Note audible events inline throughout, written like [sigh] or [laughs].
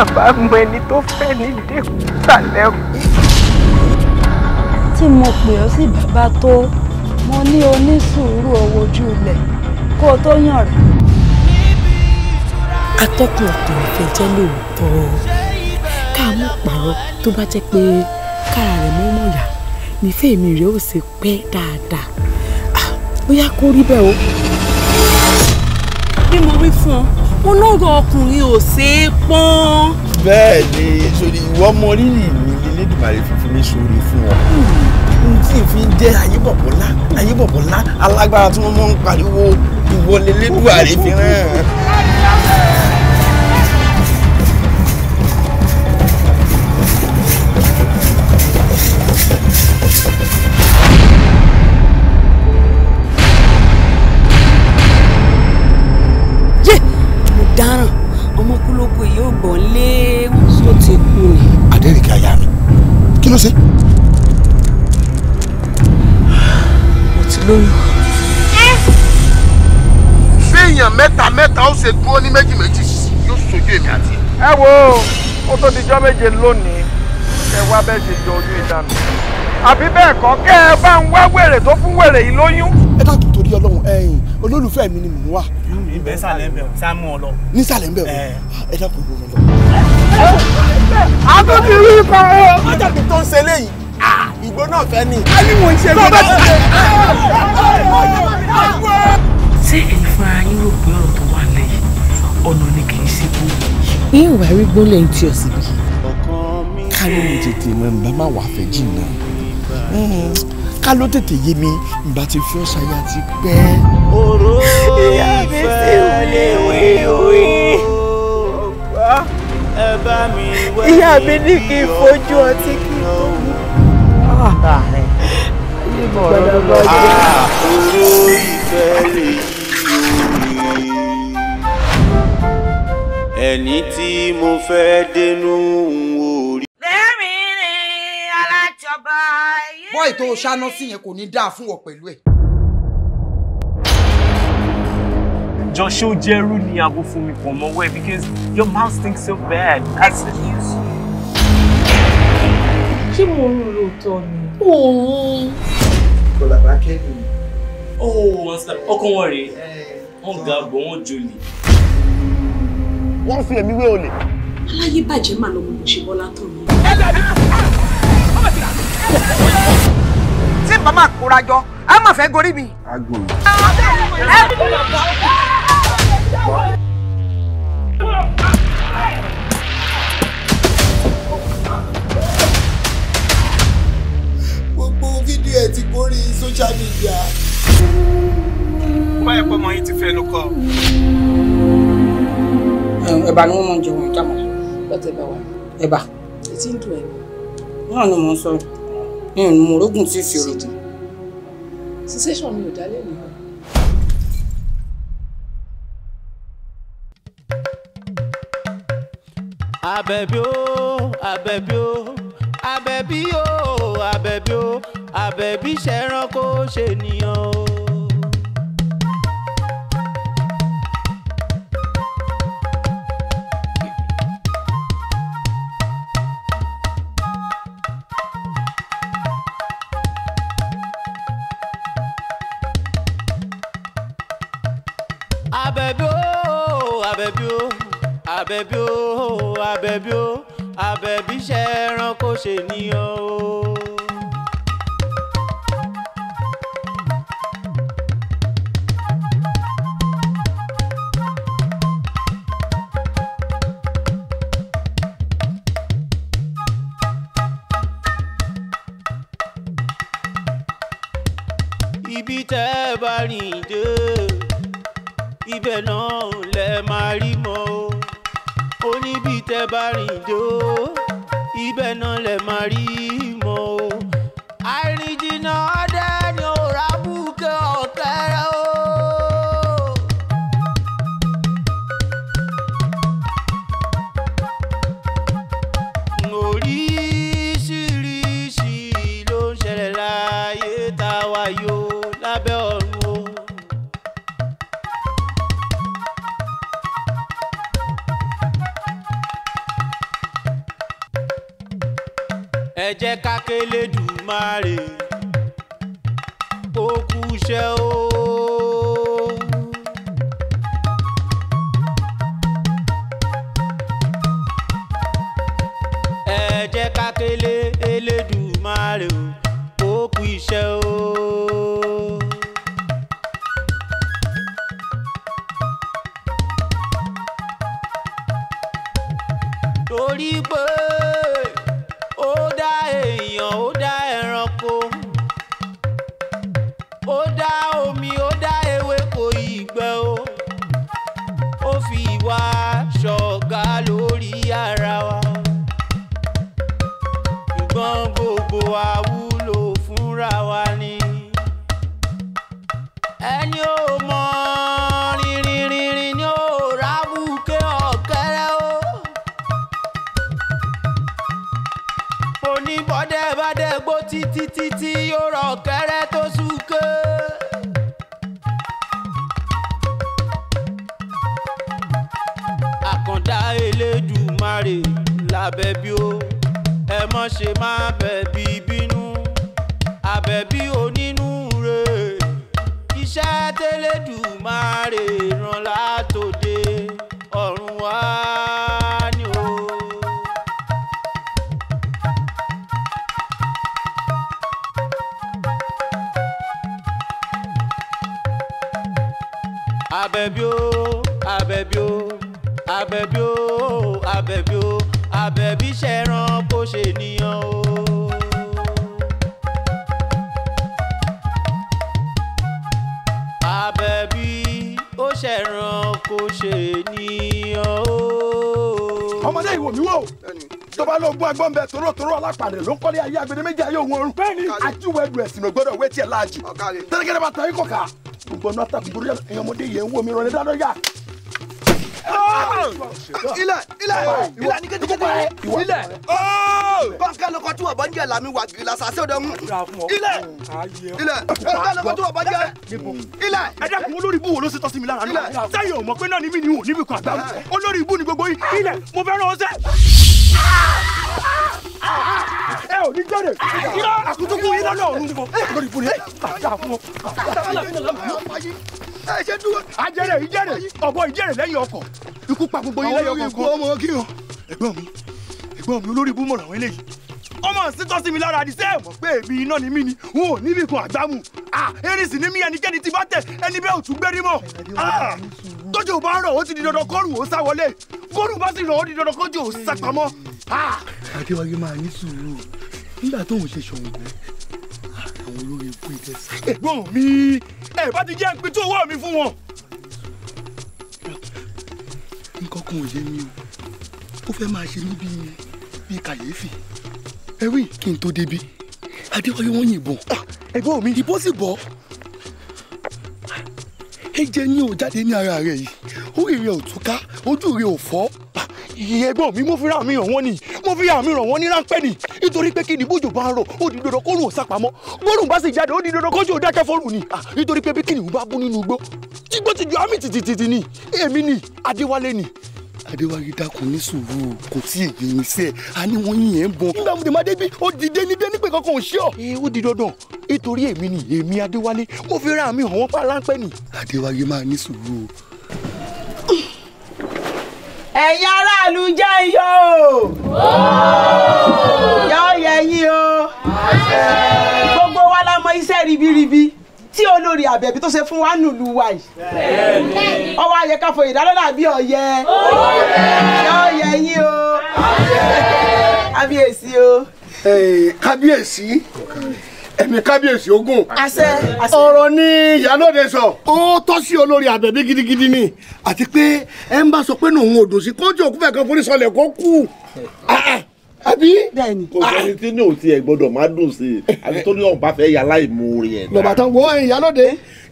náà bá mọ ẹni tó fẹ́ nílé ìsàlẹ̀ kù. tí mo pè ọ́ sí bàbá tó mo ní onísùúrù owó ojú ilẹ̀ kó o tó yàn rẹ̀. atọ́kùn ọ̀tọ̀ ìfẹ́ jẹ́ lóòótọ́ ká mú pààrọ̀ tó bá jẹ́ pé kára rẹ̀ mọ́ mọ̀ yá nífẹ̀ẹ́ mi rẹ̀ ó sì pẹ́ dáadáa ah, bóyá kó rí bẹ́ẹ̀ o. bí mo wí fún ọ mo lọ́rọ̀ ọkùnrin ò ṣeé pọ́n. bẹ́ẹ̀ ni sori ìwọ ọmọ rírì mi lélẹ́dùnmáre fífún mi sóore fún ọ n tí n fi jẹ́ ayébọ̀bọ̀lá ayébọ̀bọ̀lá alágbára tí wọ́n mọ̀ ń pariwo ìwọlélẹ́dùnmáre fi hàn. ṣe. mo ti lóyún. béèyàn mẹ́ta mẹ́ta ó ṣe dúró ní méjì méjì yóò sojú èmi àti. ẹ wo ó tó di jọ́ méje lónìí ẹ wá bẹ́ẹ̀ ṣe jọ oyún ìdánù àbí bẹ́ẹ̀ kọ́ kẹ́ ẹ bá ń wá wèrè tó fún wèrè yìí lóyún. ẹ dákun torí Ọlọ́run ẹ̀yin olólùfẹ́ mi ni mò ń wà. ìbẹ́sàlẹ̀ ń bẹ̀ sáà mú ọ lọ. nísàlẹ̀ ń bẹ̀ ẹ dákun ìbò mi lọ àtúntì rí ipa ẹ. májàpín tó ń ṣe léyìí ìgbó náà fẹ́ ni. a ní mò ń ṣe gbọ́dọ̀. ṣé èyí fúnra yín rò pé ọ̀rọ̀ tó wà lẹ́yìn ọ̀nà ni kì í ṣe bó. yín wà rí gbólẹ̀ ń tí ọ̀ síbi. ká ló ń tètè mọ nbà má wà fẹ́ jìnnà hmm, ká ló tètè yé mi nbà ti fi ti pẹ́. òró ìfẹ́ lè wí ìyá mi ní kí n fojú ọtí kí n tó mú. Ah. Ah, ah, ẹni tí mo fẹ́ dénú orí. lẹ́rìn-ín alájọba. bọ́ọ̀ ètò ṣáná sí yẹn kò ní dáa fún ọ pẹ̀lú ẹ̀. jọ show ó ni abo fún mi pọ̀ mọ́wọ́ ẹ̀ because your mouth stinks so bad that's the news. kí mo rún lóòótọ́ ni. òun. Oh, kẹ́lì. ọkọ wọn rèé wọn ga bọ wọn jolè. wọ́n fi ẹ̀mí wé olè. aláyé bàjẹ́ màá lọ́mọ mo ṣe bọ́lá tó mi. ẹ bẹ̀rẹ̀ tí bàbá kórajọ a máa fẹ́ gorí mi. agbo. ẹ gbogbo fídíò ẹ ti kórè social media. báyìí pọ́ mọ́ yín ti fẹ́nu kọ́. ẹ̀bà ni wọ́n mọ̀ jẹun ìjà mọ́ lọ́tẹ̀ bá wa. ẹ̀bà. etí ń dùn ẹ̀. náà ni mò ń sọ mi ò mú orógùn tí ì fi òròdù. sensation mi ò dálé nìyẹn. Àbẹ̀bí o Àbẹ̀bí o Àbẹ̀bí o Àbẹ̀bí o Àbẹ̀bí ṣẹranko ṣènìyàn o. Àbẹ̀bí o Àbẹ̀bí o Àbẹ̀bí o. Àbẹ̀bí o Àbẹ̀bí ṣe ẹranko ṣe nìyẹn o. No. she my baby ń bẹ torótoró alápàdé ló ń kọ́lé ayé agbede méjì ayé òun ọrùn ajíwẹ̀ ẹ̀dùn ẹ̀sìn ló gbọ́dọ̀ wẹ́tì ẹ̀ láàjù tẹ́lẹ̀kẹ́lẹ́ bá ta yín kọ̀ọ̀ká gbogbo náà tàbí gbogbo ẹ̀yàn ọmọdé yẹn ń wò mí rọlẹ́ dáná yá. ilẹ̀ ilẹ̀ ilẹ̀ ní kété kété ilẹ̀ báńkà oh! lọkọ tí ń jẹ́ làmì wà gírí lásà ọ̀dọ̀ ń ilẹ̀ ilẹ̀ báńkà lọkọ tí ń jẹ́ ilẹ̀. ẹ dẹ́kun olórí ibú wo ló ṣe tọ́ mi lára náà sẹ́yìn ò pé náà ni mí ni wò níbi kan àgbà olórí ibú ni gbogbo yìí ilẹ̀ mo fẹ́ràn ọ̀sẹ̀ ẹ ò ní jáde irọ́ àkútúkú irọ́ náà ọ̀run nìkan lórí ìbúni ẹ bàjá fún ọ. ajẹrẹ ìjẹrẹ ọbọ ìjẹrẹ lẹ́yìn ọkọ ikú pa gbogbo yín lẹ́yìn ọkọ. ọmọ kí hàn ẹ̀gbọ́n mi ẹ̀gbọ́n mi olórí ibú mọ̀ràn eléyìí ọmọ sítọ́ sí mi lára àdìsẹ́ ẹ̀ mọ̀ pé èmi iná ni mí ni n ò níbi kan àgbámu erésì ni mí ẹnikẹ́ni tí bá tẹ̀ ẹni bẹ́ẹ̀ ò tún gbérí mọ́ tójú bá rọ̀ ó ti di dandan kọ́rù ó sá wọlé kọ́rù bá sì rọ̀ ó di dandan kọ́jú ó sá pamọ́ adéwájú máa ní sùúrù nígbà tóun ṣe ṣòǹgbó ah, àwọn olórí ikú ìtẹ̀sí. ẹ̀gbọ́n mi ẹ bá ti jẹ́ ń pin tó owó mi fún wọn. nǹkan kan ò yé mi o ó fẹ́ máa ṣe mí bíi bíi kàyéfì ẹ̀wí kí n tó débi adéwájú wọn yìnbọn ah, ẹ̀gbọ́n mi ìbọn sì bọ́ ẹ̀jẹ̀ ni ò jáde ní ara rẹ̀ yìí orí rẹ̀ ò túká ojú rẹ̀ ò fọ́ ẹ̀gbọ́n mi mo fi ra mi ràn wọ́n ni mo fi ra mi ràn wọ́n ní ráńpẹ́ ni nítorí pé kí ni bójú bá ń rọ ó di dandan kó rùn ó sápamọ́ bọ́ọ̀rùn bá sì jáde ó di dandan kọ́jú ó dákẹ́ fọ́ọ̀rù ni ah, nítorí pé bí kí ni ìwú bá bú nínú igbó tígbó ti ju àmì tìtìtìtì ni èmi ni Adéwálé ni. Adéwálé dákun ní sùúrù kò tí èyí ní sẹ a ní wọn yìnyẹn ń bọ. nígbà tí madé bí ó di dé ní dé ní pé kankan ò ṣe ọ. ee ó di dandan nítorí èmi ni èmi Adéwálé mo fi ra mi hàn wọ́n pa láńpẹ́ ni. Adéwálé máa ní sùúrù ẹ̀yin aráàlú jẹ́ iyọ̀ o yọ yẹ yín o gbogbo wa la mọ iṣẹ́ ribiribi tí olórí àbẹ̀bí tó ṣe fún wa nùlù wa yìí ọwọ́ ayẹ ká fòye ìdálọ́lá bí ọ̀yẹ yọ yẹ yín o kábíyèsí o. kábíyèsí ẹ̀mí kábíyèsí ogun. àṣẹ àṣẹ. ọ̀rọ̀ ni ìyálóde sọ. ó tọ́ sí olórí àbẹ̀bí gidigidi ni àti pé ẹ ń bá sọ pé nòun ò dùn sí kọ́ńtì òkú fẹ̀kan forí sọlẹ̀ kó kú. àbí. kò sẹ́ni ah. tí ní òtí ẹ̀ gbọ́dọ̀ má dùn sí i àti tó ní ọ̀bá fẹ́ yà láì mú orin ẹ̀. lọ́ba tán wo ìyálóde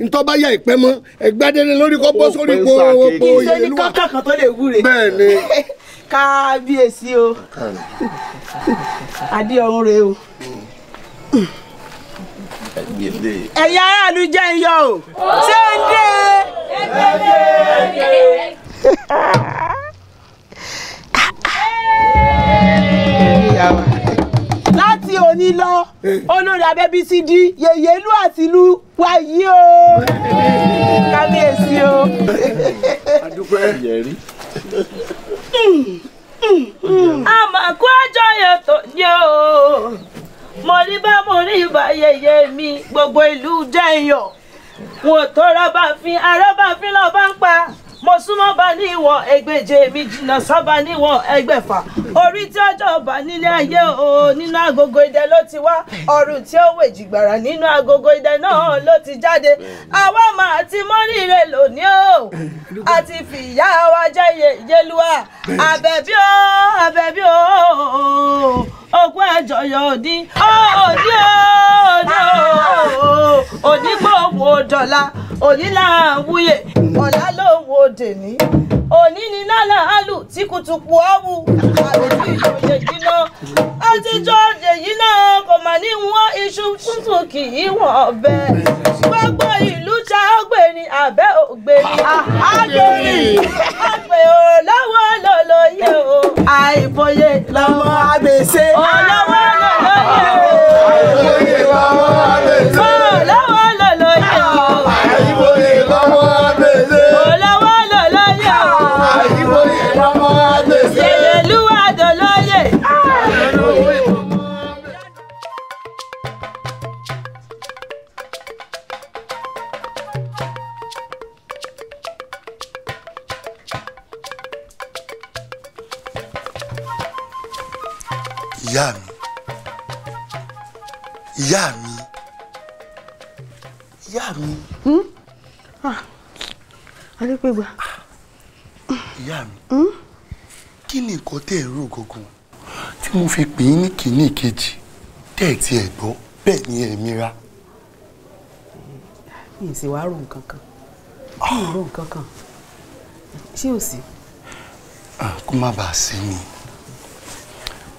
ntọ́ bá yà ìpẹ́ mọ́ ẹgbẹ́dẹ́ni lórí kọ́ bọ́ sórí gbogbo ìyẹlúwa. bẹ́ẹ̀ni [laughs] kábíyèsí o adé ọ̀run rè o ẹ̀yin aráàlú jẹ́ ń yọ o ṣé ń dé. láti òní lọ olórí abẹ́bísí di yèyé ìlú àti ìlú wa yìí o kábíyèsí o. adúpẹ́ yẹ̀rí àmọ́ kó àjọyọ̀ tó ní o mo rí bá mo rí ìbá yẹyẹ mi gbogbo ìlú jẹ́ iyọ̀ wọn ò tó rọ́bà fín arọ́bà fín lọ́ọ́ bá ń pa mo súnmọ́ bá ní ìwọ̀ ẹgbẹ̀je mi jìnnà sábà níwọ̀ ẹgbẹ̀fà orí tí ọjọ́ bá nílé ayé o nínú agogo idẹ ló ti wá ọrùn tí ó wèjì gbàrà nínú agogo idẹ náà ló ti jáde àwa máa ti mọ́rìnrè lónìí o àti fìyà wa jẹ́ yelúwa àbẹ̀bí o àbẹ̀bí o òkú ẹ̀jọ̀ yọ òdì òdì òdì òdì gbòòwò dọ̀la òní là ń wúyè ọ̀la ló ń wo dèní òní ni lálà álù tí kùtùkù ọ̀wù àlejò ìjòyè yìí náà àtijọ́ èyí náà kò mà ní wọ́n iṣu tuntun kì í wọ̀n ọbẹ̀ gbogbo ìlú ta ọgbẹ́ ni àbẹ́ ògbé ni àgbèrè ah, ọgbẹ́ o lọ́wọ́ lọ́lọ́yẹ o àìfòye lọ́wọ́ àgbèsè o lọ́wọ́ lọ́lọ́yẹ o àìfòye lọ́wọ́ àgbèsè o lọ́wọ́. ìyá mi ìyá mi ìyá mi. Hmm? Ah. adépégbà. ìyá mi hmm? kí ni nǹkan tẹ́ tí mo fi pè é ní kìíní kejì tẹ́ ẹ̀ gbọ́ ra. mi ì sì wá rò nǹkan kan mi rò nǹkan kan ṣé o sì. Ah, kó má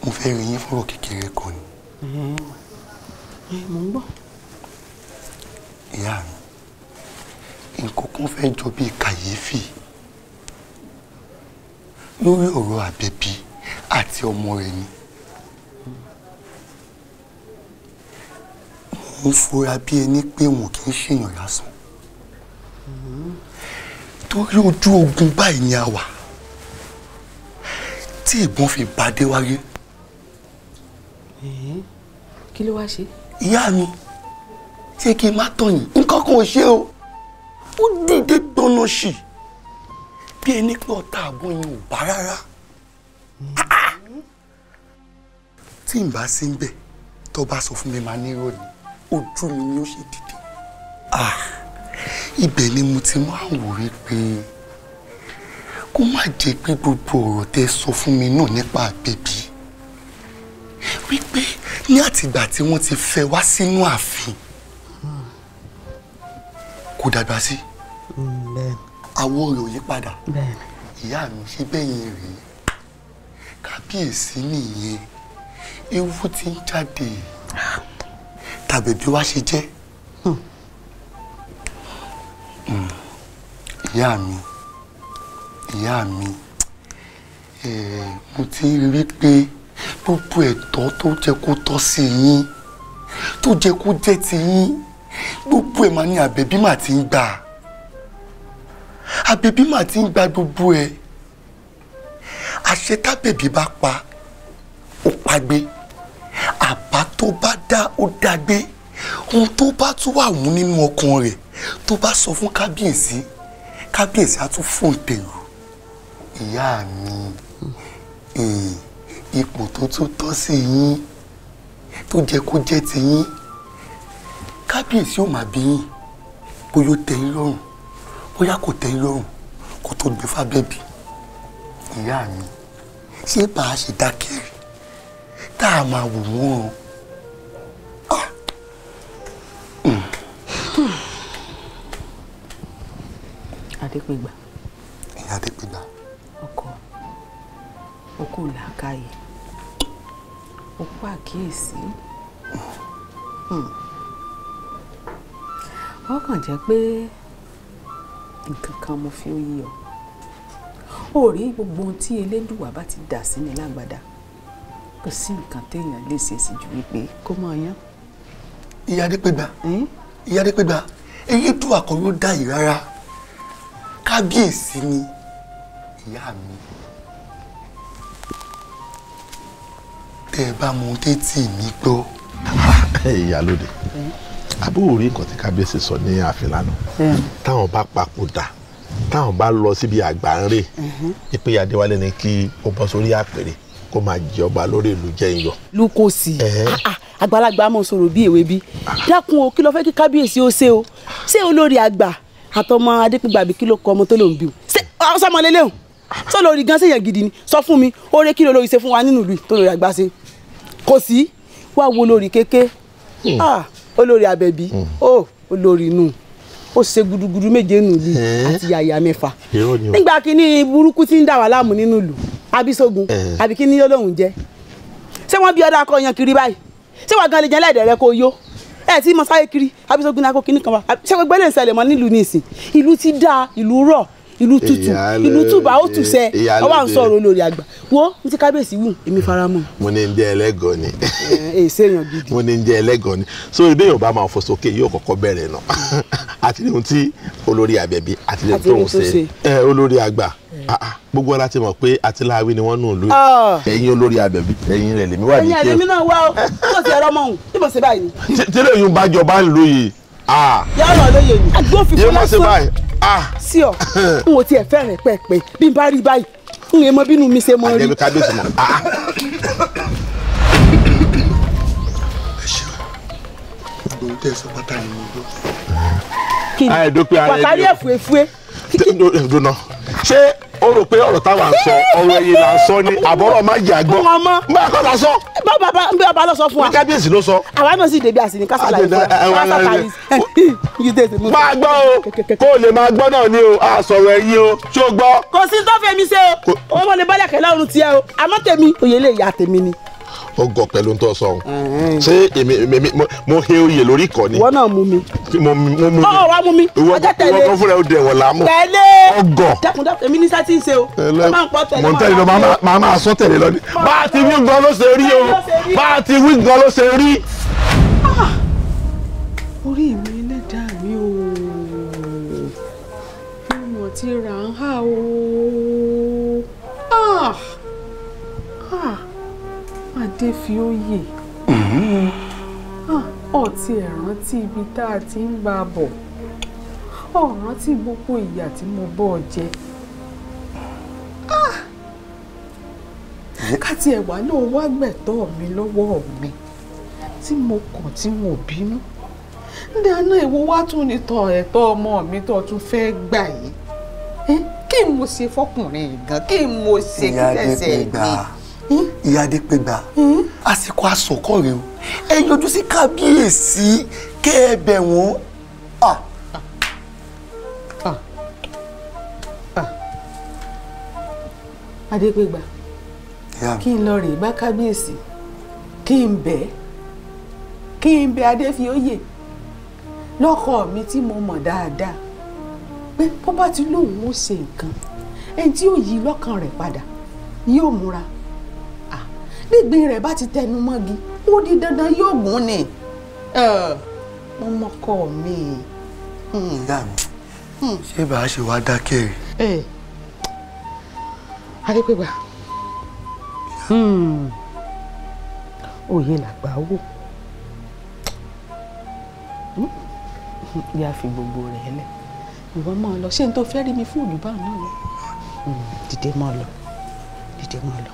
mo fẹ́ rí yín fọ̀rọ̀ kékeré kan ni. mo ń gbọ́. ìyá mi nǹkan kan fẹ́ jọ bíi kàyéfì lórí ọ̀rọ̀ àbẹ̀bí àti ọmọ rẹ̀ ni. mo ń fura bí ẹni pé wọn kì í ṣèyàn lásán torí ojú ogun báyìí ni a wà tí ìbọn fi bá dé wáyé. Mhm. kí ló wá ṣe. ìyá mi ṣé kí n má tọyìn nǹkan kan ṣe o ó dìde gbọnà sí bí ẹni pé ọ̀tá àgbọn yẹn ò bá rárá tí n bá sí ń bẹ tó bá sọ fún mi máa ní ìrọ̀lẹ́ ojú mi ni ó ṣe dìde ah, ibẹ̀ ni mo ti máa ń wòye pé kó má jẹ́ pé gbogbo ọ̀rọ̀ tẹ́ sọ fún mi náà nípa àgbẹ̀bí wípé ní àtìgbà tí wọ́n ti fẹ́ wá sínú ààfin kò dàgbà sí àwo rẹ̀ ò yí padà ìyá mi ṣe bẹ́yìn rèé kábíyèsí nìyẹn ewu ti ń jáde tàbí bí wá ṣe jẹ́ hmm. Hmm. ìyá mi ìyá mi mo ti rí pé gbogbo ẹ̀tọ́ tó jẹ́ kó tọ́ sí yín tó jẹ́ kó jẹ́ ti yín gbogbo ẹ̀ máa ní àbẹ̀bí mà ti ń gbà àbẹ̀bí mà ti ń gba gbogbo ẹ̀ àṣẹ tábẹ̀bí bá pa ó pagbé àbá tó bá dá ó dágbé ohun tó bá tún wà wù nínú ọkàn rẹ̀ tó bá sọ fún kábíyèsí kábíyèsí á tún fòǹtẹ̀ lù ìyá mi. Mm ipò tó tún tọ́ sí yín tó jẹ́ kó jẹ́ ti yín kábíyèsí ò máa bí yín bóyá ó tẹ́ yín lọ́rùn bóyá kò tẹ́ yín lọ́rùn kó tó gbé fábẹ́bí ìyá mi ṣé bá a ṣe dákẹ́ tá a máa wò wọ́n o. Ah! Hmm. Adépégbà. Ìyá Adépégbà ó kù làákàyè ó kù àkíyèsí hmm. ó kàn jẹ́ pé nǹkan kan mo fi ó yí ọ ó rí gbogbo ohun tí elédùwà bá ti dà sí ni lágbádá kò sí nǹkan téèyàn lè ṣe sí ju wípé kó mọ ọyán. ìyá adépégbà hmm? ìyá adépégbà elédùwà kan ló dá yìí rárá kábíyèsí ni ìyá mi. tẹ́ ẹ bá mu tẹ́tì mi gbọ́. [laughs] ìyálóde àbúrò rí nǹkan tí kábíyèsí sọ ní ààfin lánàá hmm. táwọn bá papòdà táwọn bá lọ síbi àgbáńrè ìpè hmm. adéwálé ni kí ó bọ́ sórí àpèrè kó máa jẹ ọba lórí ìlú jẹyọ. lukosi eh. ah, ah, àgbàlagbà mọ sọ̀rọ̀ bíi èwe bí ah. dákun o kí ló fẹ́ kí kábíyèsí ó ṣe o ṣé olórí àgbà àtọmọ adépínpà àbí kí ló kọ ọmọ tó lòún bí o ṣé ọsọmọlélẹ́hùn sọ lórí gan ṣèyàn gidi ni sọ fún mi oore kí ló lórí ṣe fún wa nínú ìlú tó lórí àgbà ṣe kò sí wá wo olórí kéké hmm. ah olórí abẹ́bí hmm. oh olórí inú ó ṣe gudugudu méje nù lì àti yàyà mẹ́fà nígbà kínní burúkú tí ń dà wá láàmú nínú ìlú abisogun àbí kínní yóò lóun jẹ ṣé wọ́n bí ọ̀dà akọ̀yàn kiri báyìí ṣé wàá gan lè jẹ́ lẹ́ẹ̀dẹ̀rẹ́ kó yó ẹ ti mọ sáyé kiri abisogun náà kó kínní kan wá ṣé gbogbo ẹ̀ lè ṣẹlẹ̀ mọ́ nílùú nísìn ìlú ti dáa ìlú rọ̀ ìlú tutù ìlú tuba ó tù sẹ ọwọ́ à ń sọ̀rọ̀ olórí àgbà wo mo ti kábíyèsí wù èmi fara mọ́. mo ní ń jẹ ni. ẹ ṣe èèyàn gidi. mo ní ń jẹ ni so ilé yóò bá máa fò sókè yóò kọ́kọ́ bẹ̀rẹ̀ nà [laughs] àti ohun tí olórí àbẹ̀bí àti ohun tó ń ṣe olórí àgbà ah, ah, gbogbo ara ti mọ̀ pé atiláwí ni wọ́n nù lóyún ah. ẹ̀yin olórí àbẹ̀bí ẹ̀yin rẹ̀ lèmi wà ní kí. ẹ̀yin rẹ̀ lèmi náà wá o kí ló ti ẹ̀rọ mọ̀ ọ́n níbo ṣe Ah. yàrá lóye yìí agbófinfo lásán ah. sí ọ n ò tiẹ̀ fẹ́ràn pẹ́ẹ́pẹ́ bí n bá rí báyìí n yẹn mọ bínú mi ṣe mọ rí. àjẹbí kábíyèsí mọ. Ah. kí ni wàtálí ẹ̀fúẹ́fúẹ́ dùnà ṣé o rò pé ọ̀rọ̀ táwa ń sọ ọ̀rọ̀ ẹ̀yìn là ń sọ ni àbọ̀rọ̀ má jẹ́ àgbọ̀ má kọ́ la sọ. bàbá bàbá lọ sọ fún wa. kábíyèsí ló sọ. àwa náà sì débi àsìní kásá láyé fún wa kásá káyé yìí dé ìsinmi. máa gbọ́ o kó o lè máa gbọ́ náà ni o a sọ̀rọ̀ ẹ̀yìn o ṣó gbọ́. kò sí tó fẹ́ mi ṣe o owó mo lè bọ́lẹ̀ kẹ́lẹ́ ọ̀run tiẹ̀ o àmọ́ tèmi òye lè yà tèmi ni tó gọ pẹ̀lú tó sọ ọ̀hún ṣé èmi èmi mo he oyè lórí ìkọ́ni. wọn náà mú mi. mo mú mi. ọ̀ wá mú mi. ọjọ́ tẹ̀lé ìwọ kan fúnra ẹ̀ ó dẹ̀wọ̀n láàmú. tẹ̀lé ọgọ. dẹkùndẹkùn èmi ní sátì ń ṣe o. ẹ máa ń pọ tẹ̀lé. mo ń tẹ̀lé lọ máa máa sọ tẹ̀lé lọ ni. bá a ti wí gan ló ṣe rí o bá a ti wí gan ló ṣe rí. Ah, orí mi lè dá mi o mi ò ti rà ń hà o. Ah pàdé fi ó yè mm-hmm. ah, ó ti ẹ̀ rántí ibi tá a ti ń bá a bọ̀ ó rántí gbogbo ìyà tí mo bọ́ ọ jẹ ah! káti ẹ̀wà náà wá gbẹ̀tọ́ mi lọ́wọ́ mi tí mo kàn tí mo bínú dáná ìwo wá tún ní tọ ẹ̀tọ́ ọmọ mi tó tún fẹ́ gbà yìí kí n mo ṣe fọkùnrin gan kí n mo ṣe kí ẹsẹ̀ gbé. Hmm? ìyá Adépégbà hmm? àsìkò àsọkọ rẹ o ẹ yọjú sí kábíyèsí kẹ ẹ bẹ̀ wọ́n. Ah. Ah. Ah. Adépégbà kí n lọ rè bá kábíyèsí kí n bẹ̀ kí n bẹ̀ Adéfioyè lọ́kọ mi tí mo mọ̀ dáadáa pé bó bá ti lóun ó ṣe nǹkan ẹni tí yóò yí lọ́kàn rẹ̀ padà yóò múra gbígbín rẹ̀ bá ti tẹnu mọ́gi ó di dandan yóò gún ni ọmọkọ mi. Hmm. ìyá mi ṣé bàá ṣe wá dákẹ́ rẹ̀. adépégbà òye hmm. làgbà wò bí a fi gbogbo rẹ̀ lẹ̀ ìwọ máa lọ ṣé n tó fẹ́ rí mi fún òjò báà náà lọ hmm, dìde máa lọ dìde máa lọ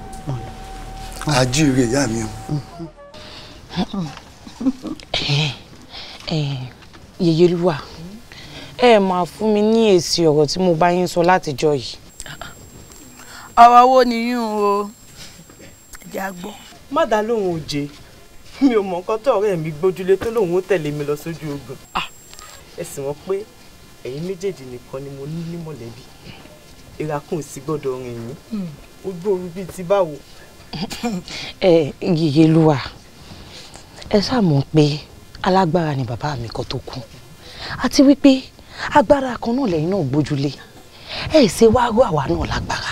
àjíire ìyá mi o. yèyélúwà ẹ máa fún mi ní èsì ọ̀rọ̀ tí mo bá yín sọ látijọ́ yìí. ọ̀rọ̀ wo ni yín o ẹ̀jẹ̀ á gbọ́. má dá lóhùn òjé mi ò mọ nǹkan tó ọ̀rẹ́ mi gbójúlé tó lóhùn ó tẹ̀lé mi lọ sójú ogun ẹ sì wọ́n pé ẹ̀yin méjèèjì nìkan ni mo ní ní mọ̀lẹ́bí ìràkùn sì gbọ́dọ̀ rìn yín ó hmm. gbóoru bíi ti báwo ẹ Yèyélúwà ẹ ṣáà mọ̀ pé alágbára ni bàbá mi kan tó kú àti wípé agbára kan náà lẹ́yìn náà gbójúlé ẹ ṣe wá rú àwa náà lágbára.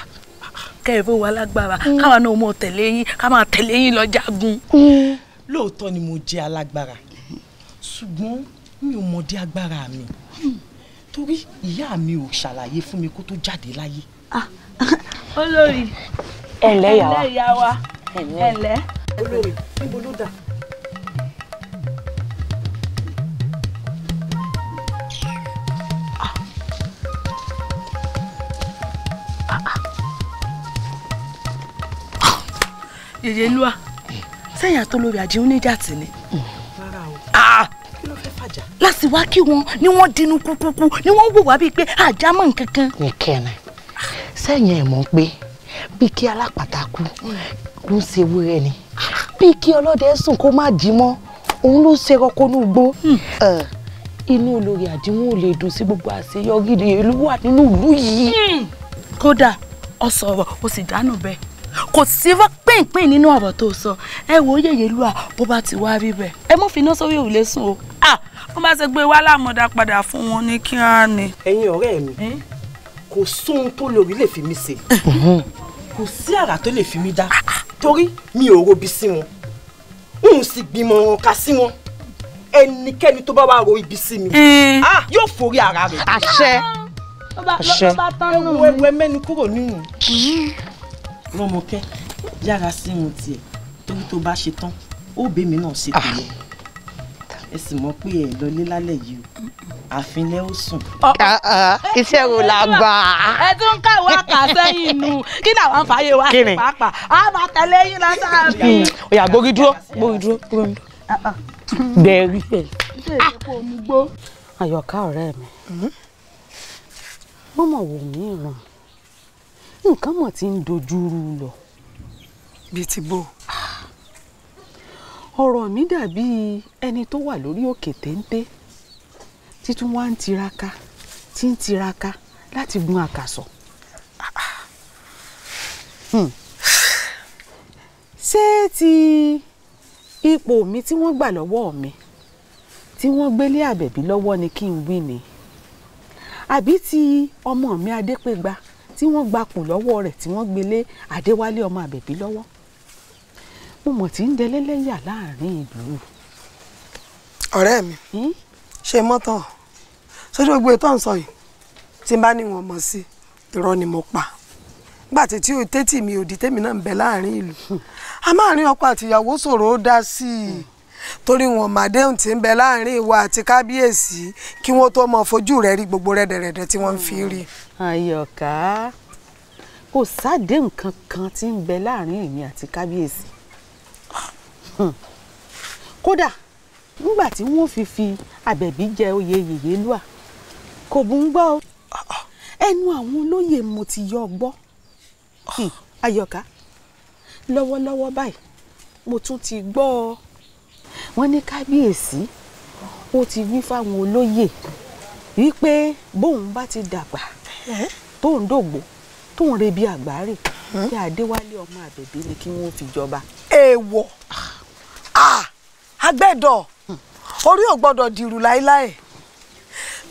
kẹ́ẹ̀fọ́ wa lágbára mm. káwa náà mọ̀ tẹ̀lé yín ká máa tẹ̀lé yín lọ jagun. Mm. lóòótọ́ ni mo jẹ́ alágbára ṣùgbọ́n mi ò mọ̀dé agbára mi mm. torí ìyá mi ò ṣàlàyé fún mi kó tó jáde láyé. Ah. olórí ẹ ǹlẹ́ ìyá wa ẹ ǹlẹ́ ìyá wa ẹ ǹlẹ́. olórí níbo ló dà. yèyé lua sẹ́yìn àtolórí àjẹun níjà tì ni. rárá o ah, ah. kí ló fẹ́ fàjà. láti wá kí wọn ni wọ́n dinú kúkúkú ni wọ́n wò wá bíi pé àjámọ̀ nǹkan kan. nìkẹ́ni sẹ́yìn ẹ̀ mọ̀ pé bí kí alápàtà kú ló ń ṣe ewúrẹ́ ni bí kí ọlọ́dẹ sùn kó má jí mọ́ òun ló ṣe rọkọ ní ugbó inú olórí àdínwó lè dùn sí gbogbo àṣeyọrí ìlú wà nínú ìlú yìí. Hmm. kódà ọ sọ̀rọ̀ o sì dánú bẹ́ẹ̀ kò sí fún pínpín nínú ọ̀rọ̀ tó sọ ẹ wo yèyé lúà bó bá ti wá rí bẹ́ẹ̀ ẹ mú finá sórí òrùlé sùn o wọ́n bá ṣe gbé wá láàmúdá padà fún wọn ní kíá ni. ẹ̀yin ọ̀rẹ́ mi kò sóhun tó lórí lè fi mí ṣe hmm kò sí àrà tó lè fi mí dá torí mi ò robi sí wọn n sì gbìmọ̀ wọn ká sí wọn ẹnikẹ́ni tó bá wà ro ibi sí mi hmm. yóò forí ara rẹ̀. àṣẹ àṣẹ ẹwọ ẹwọ mẹ́nu kúrò nínú hmm. rọmọkẹ́ yára sí irun tiẹ̀ torí tó bá ṣe tán ó bèmí náà ṣe tèmi ẹ sì mọ̀ pé ẹ lọlé lálẹ́ yìí o àfinlẹ́ ó sùn. Ah, ah, iṣẹ́ wo la gbà. ẹ tún ń kàwé àkàsẹ́yìn nù kí ni àwọn fàáyé wa ṣe pàápàá a máa tẹ̀lé yín lọ sáàbì. ọ̀yà gbógi dúró gbógi dúró gbógi dúró bẹ̀rù ẹ̀. àyọ̀ká ọ̀rẹ́ mi wọ́n hmm? mọ̀ wò mí ràn nǹkan mọ̀ tí ń dojú rú lọ. bíi ti bò ọ̀rọ̀ mi dàbí ẹni tó wà lórí òkè téńté títún wá ń tiraka tí ń tiraka láti gun àkàsọ̀. Hmm. ṣé ti ipò mi tí wọ́n gbà lọ́wọ́ mi tí wọ́n gbélé àbẹ̀bí lọ́wọ́ ni kí n wí ni àbí ti ọmọ mi adépégbà tí wọ́n gbapò lọ́wọ́ rẹ̀ tí wọ́n gbélé adéwálé ọmọ àbẹ̀bí lọ́wọ́ mo mọ̀ tí ń dẹlẹ́lẹ́yà láàrin ìlú. ọ̀rẹ́ mi hmm? ṣe mọ́tàn sójú gbogbo ètò ọ̀sán yìí tí n bá ní wọn mọ̀ sí irọ́ ni mo pa nígbà tí tí o tẹ́tì mi ò di tẹ́mi náà ń bẹ láàrin ìlú a máa rin ọkọ àtìyàwó sọ̀rọ̀ ó dá sí i hmm. torí wọn màdéhùn tí ń bẹ láàrin ìwà àti kábíyèsí kí wọn tó mọ fojú rẹ rí gbogbo rẹdẹrẹdẹ tí wọn fi rí. àyọkà kò sáde nǹkan kan tí ń bẹ láàrin èmi àti kábíyèsí Hmm. kódà nígbà tí wọ́n fi fi àbẹ̀bí jẹ oyè yèyé lúà kò bú ń gbọ́ o ẹnu àwọn olóyè mo ti yọ gbọ́ hmm, ayọ̀ká lọ́wọ́lọ́wọ́ báyìí mo tún ti gbọ́ ọ wọ́n ní kábíyèsí ó ti wí fáwọn olóyè wípé bóun bá ti dàgbà tóun dògbò tóun rebi àgbáre hmm. kí adéwálé ọmọ àbẹ̀bí ni kí wọ́n fi jọba. èèwọ̀. Eh, agbẹ́dọ̀ orí ò gbọ́dọ̀ dìrù láéláé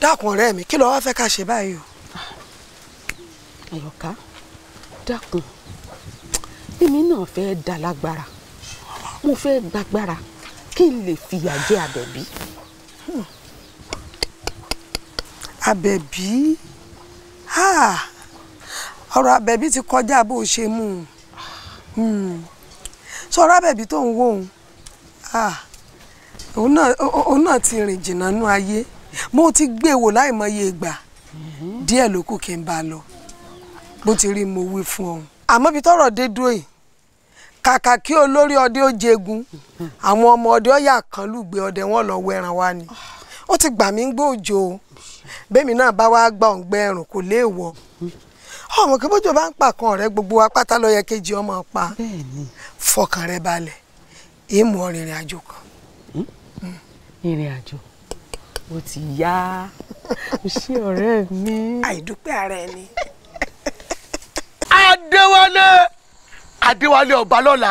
dákun ọ̀rẹ́ mi kí ló wá fẹ́ ká ṣe báyìí o. àyọ̀ká dákun èmi náà fẹ́ dá lágbára mo fẹ́ gbàgbára kí n lè fìyà jẹ àbẹ̀bí. àbẹ̀bí ọ̀rọ̀ àbẹ̀bí ti kọjá bó ṣe mú un sọ̀rọ̀ hmm. àbẹ̀bí tó ń wò ó Ah, òun náà ti rìn jìnnà nú ayé mo ti gbé e wò láìmọye ìgbà díẹ̀ ló kù kí n bá lọ bó ti rí mo wí fún ọ̀hún àmọ́ ibi tọ́rọ̀ dé dúró yìí kàkà kí olórí ọdẹ ó jẹgun àwọn ọmọ ọdẹ ọyà kan lùgbé ọdẹ wọn lọ wẹran wa ni ó ti gbà mí gbọ́ òjò o bẹ́mi náà bá wá gbà ọ̀ǹgbẹ ẹ̀rùn kò léèwọ̀ ọmọ kí bójú bá ń pa kan ọ̀rẹ́ gbogbo wa pátá yẹ kejì ọmọ pa fọkàn rẹ balẹ̀ èèmù ọ̀rìnrìn àjò kan. Hmm? Hmm. ìrìn àjò ó ti yá o ṣé ọ̀rẹ́ mi. àìdúpẹ́ ara ẹni. adéwálé adéwálé ọba lọ́la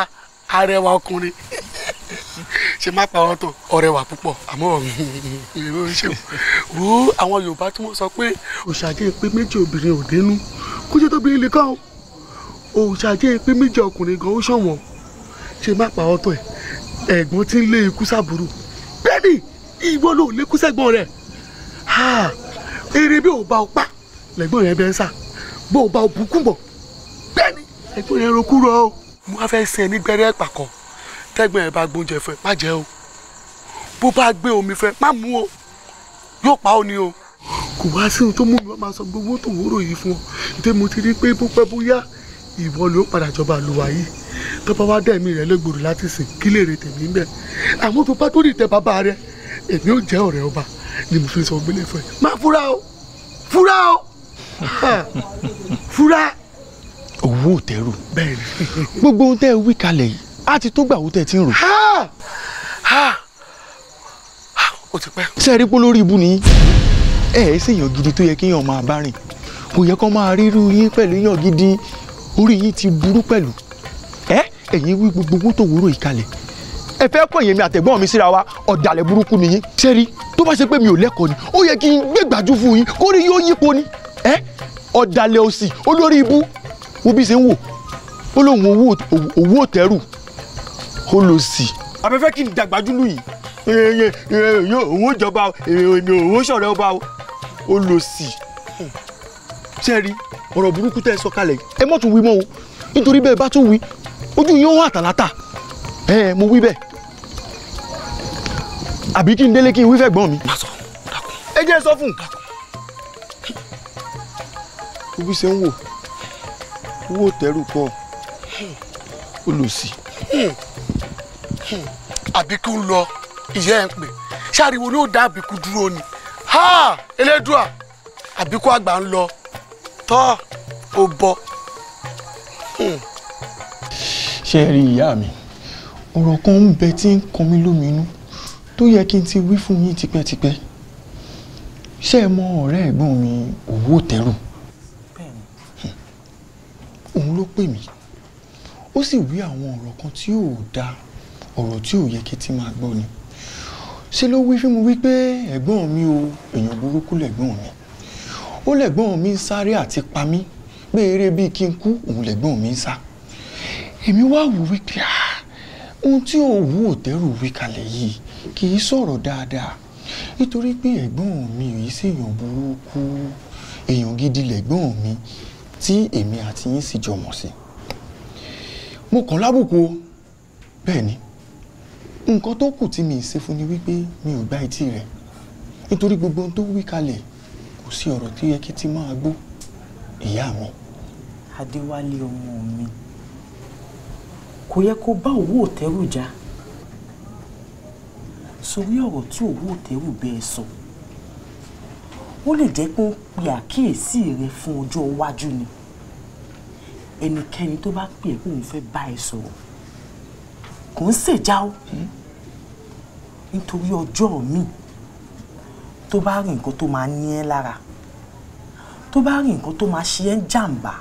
arẹwà ọkùnrin ṣe má pa ọ̀tọ̀ ọ̀rẹ́ wà púpọ̀ àmọ́ [laughs] ìró ṣe wò ó àwọn yorùbá tí wọ́n sọ pé òṣàjẹ pé méjì obìnrin ò dénú kó jẹ tóbi ilé kan òṣàjẹ pé méjì ọkùnrin gan ó ṣọ̀wọ́n ṣe má pa ọ̀tọ̀ ẹ ẹ̀gbọ́n tí ń lé ikú sábúrò bẹ́ẹ̀ni ìwọ ló lè kú sẹ́gbọ́n rẹ eré bí ò bá ọ pa lẹ́gbọ́n rẹ bẹ ń sà bó o bá ọ bùkún bọ bẹ́ẹ̀ni ẹ̀gbọ́n rẹ rokú rọ o mo á fẹ́ sin ẹ ní gbẹrẹ pàkọ tẹ́gbọ́n rẹ bá gbóúnjẹ o bó bá gbé omi fẹ́ má mú o yóò pa ọ ni o kò wá sí ohun tó mú mi wá máa sọ gbogbo tòwúrò yìí fún ọ ìdè mo ti rí pé bó pẹ́ bó yá ìwọ ló padà jọba àlùwà yìí tó bá wá dẹ̀mí rẹ lẹ́gbòrò láti sìn kí lè rè tèmi ń bẹ̀ àmọ́ tó bá tó dìtẹ̀ bàbá rẹ èmi ò jẹ́ ọ̀rẹ́ ọba ni mo fi sọ gbélé fún ẹ má fura o fura o fura. owó ò tẹ́rù gbogbo ohun tẹ́ ẹ wí kalẹ̀ yìí á ti tó gbà owó tẹ́ ẹ ti ń rò. ó ti pẹ́. sẹ́ẹ̀rí pọ́ lórí ibú ni ẹ̀ ẹ́ ṣèyàn gidi tó yẹ kéèyàn máa bá rìn kò yẹ kó máa rí irú yín pẹ̀lú yàn gidi orí yìí ti burú pẹ̀lú ẹ ẹ̀yin wí gbogbo owó tó wúrò ìkalẹ̀ ẹ fẹ́ kó èyàn mi àtẹ̀gbọ́n mi síra wa ọ̀dàlẹ̀ burúkú nìyí sẹ́rí tó bá ṣe pé mi ò lẹ́kọ̀ọ́ ni ó yẹ kí n gbẹ̀gbàjú fún yín kó rí yóò yípo ni ẹ ọ̀dàlẹ̀ òsì olórí ibú wo bí ṣe ń wò ó lóun owó òtẹ́rù ó lọ sí. àbẹ̀fẹ́ kí n dàgbàjú lù yìí èèyàn owó ìjọba owó ìṣọ̀rẹ́ ọba ó lọ sí sẹ́rí ọ̀rọ̀ burúkú tẹ́ ẹ sọ kalẹ̀ ẹ mọ́ tún wí mọ́ o nítorí bẹ́ẹ̀ bá tún wí ojú yín ó hàn àtàlátà ẹ ẹ mo wí bẹ́ẹ̀ àbí kí n délé kí n wí fẹ́ gbọ́n mi. ẹ jẹ́ sọ fún un. òbí ṣe ń wò owó tẹ́rù pọ̀ olùsí. àbíkú ń lọ ìyá ẹ̀ ń pè ṣáàríwo ni ó dá àbíkú dúró ni elédùà àbíkú àgbà ń lọ tọ́ ò bọ̀. Hmm. ṣé ẹ rí ìyá mi ọ̀rọ̀ kan ń bẹ tí ń kan mí lóminú tó yẹ kí n ti wí fún yín tipẹ́tipẹ́ ṣé ẹ mọ ọ̀rẹ́ ẹ̀gbọ́n mi òwò tẹ́rù hmm. òun ló pè mí ó sì wí àwọn ọ̀rọ̀ kan tí ò dáa ọ̀rọ̀ tí ò yẹ kí ti máa gbọ́ ni ṣe ló wí fún mi wípé ẹ̀gbọ́n mi o èèyàn burúkú lẹ̀gbọ́n mi ó lẹ̀gbọ́n mi ń sáré àti pa mí pé eré bíi kí n kú òun lẹ̀gbọ́n mi ń sá èmi wá wò wípé ohun tí òwú òtẹ́rù wí kalẹ̀ yìí kì í sọ̀rọ̀ dáadáa nítorí pé ẹ̀gbọ́n mi ò yí séèyàn burúkú èèyàn gidi lẹ̀gbọ́n mi tí èmi àti yín sì jọmọ̀ sí mo kàn lábùkù o bẹ́ẹ̀ ni nǹkan tó kù tí mi ì ṣe fún ni wípé mi ò gbá etí rẹ̀ nítorí gbogbo ohun tó wí kalẹ̀ sí ọ̀rọ̀ tí yẹ kí ti máa gbọ́ ìyá mi. adéwálé ọmọ mi kò yẹ kó bá owó òtẹ́rù já sórí ọ̀rọ̀ tí owó òtẹ́rù bẹ́ẹ̀ sọ ó lè jẹ́ pé ó pe àkíyèsí rẹ fún ọjọ́ iwájú ni ẹnikẹ́ni tó bá pè é kóun fẹ́ bá ẹ sọ̀rọ̀ kò ń ṣèjà hmm? nítorí ọjọ́ míì tó bá rí nǹkan tó máa ní ẹ́ lára tó bá rí nǹkan tó máa ṣe ẹ́ jàǹbá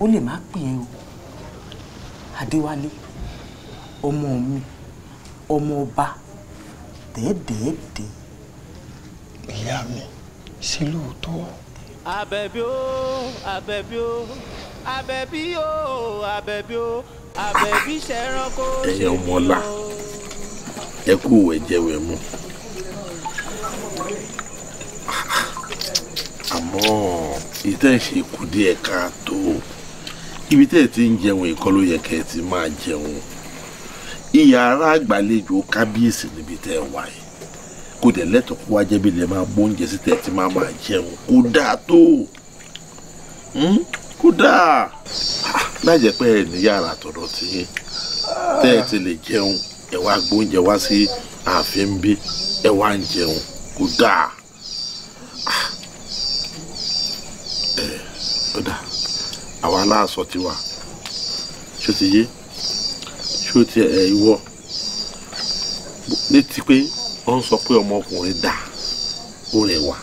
ó lè má pè ẹ́ o Adéwálé ọmọ mi ọmọ ọba dẹ́ẹ̀dẹ́ẹ̀dẹ́. ìyá mi ṣe lóòótọ́. Àbẹ̀bí o Àbẹ̀bí o Àbẹ̀bí o Àbẹ̀bí o Àbẹ̀bí ṣẹranko ṣe bí o. ọmọ ọlá ẹ kú ìwẹ̀ jẹ́wẹ̀ mu. ṣùgbọ́n èyí tẹ́ ṣe kù díẹ̀ ibi tẹ́ ẹ̀ ti ń jẹun yẹ kẹ́ ẹ ti máa jẹun iyàrá àgbàlejò kábíyèsí níbi tẹ́ ẹ wà yìí kò dẹ̀ lẹ́tọ̀ọ́ kó wá bí lè máa ti máa máa jẹun kó dáa tó hmm? kó dáa ah, láìjẹ́ pé ẹ ní yàrá ti lè jẹun ẹ wá ọ̀dà àwa aláàsọ ti wà ṣó ti yé ṣó ti ẹ̀ ìwọ létí pé ó ń sọ pé ọmọkùnrin dà ó rẹwà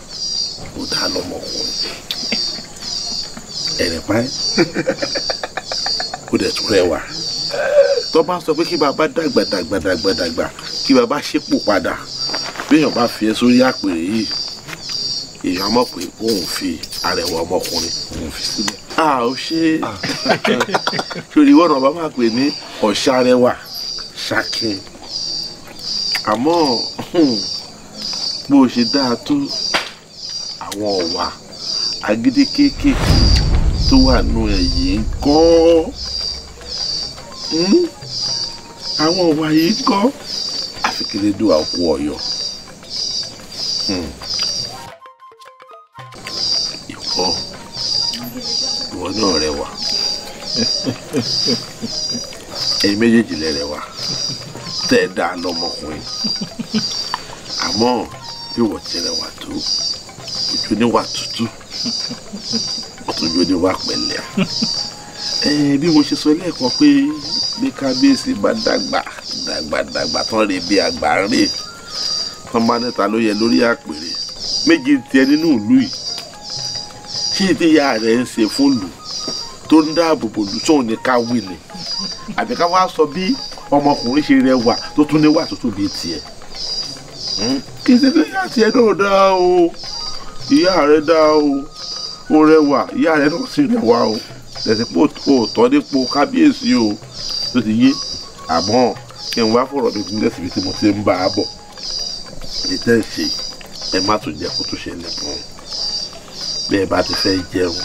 ó dà lọmọkùnrin ẹ̀rẹ̀ pa ẹ́ ó dẹ̀ tún rẹwà tó bá sọ pé kí bàbá dàgbà dàgbà dàgbà kí bàbá ṣépò padà bí èèyàn bá fi ẹ sórí àpèrè yìí èèyàn mọ̀ pé òun fi arẹwà ọmọkùnrin òun fi sílẹ̀. a ò ṣe ah. sórí [laughs] ìwọ́n ọba máa pè ní ọ̀ṣàrẹwà ṣàkẹ́ àmọ́ hmm, bó o ṣe dáa tó àwọn ọ̀wà agídí kéékèèké tó wà nù ẹ̀yìn ń kọ́ hmm, àwọn ọ̀wà yìí ń kọ́ àfikẹ́lẹ́dọ́ àkú ọ̀yọ́. Hmm kọ́ ìwọ náà rẹwà ẹ̀yin méjèèjì lẹ rẹwà tẹ́ ẹ dáa lọ́mọkùnrin àmọ́ bí wọ́n ti rẹwà tó ojú níwà tútù ojú níwà pẹ̀lẹ́ bí mo ṣe sọ lẹ́ẹ̀kan pé bí kábíyèsí bá dàgbà dàgbà dàgbà tán rè bí àgbà rè tán bá nẹ́ta ló yẹ lórí àpèrè méje tiẹ̀ nínú ìlú yìí ṣé ètò ìyá rẹ̀ ń ṣe fún lù tó ń dáàbò bò lù sóun ní ká wí ni àbí ká wá sọ bí ọmọkùnrin ṣe rẹwà tó tún níwà tó tún bíi tiẹ̀ hmm? kì í ṣe pé ìyá tiẹ̀ náà dá o ìyá rẹ̀ dá o ó rẹwà ìyá rẹ̀ náà sì rẹwà o tẹ̀sí pò tó tọ́ nípò kábíyèsí o tó ti yé àmọ́ kí n wá fọ̀rọ̀ mi gúnlẹ̀ síbi tí mo ti ń bá a bọ̀ ètò ìṣe ẹ má tún jẹ́ kó tún ṣẹlẹ̀ fún un bẹ́ẹ̀ bá ti fẹ́ jẹun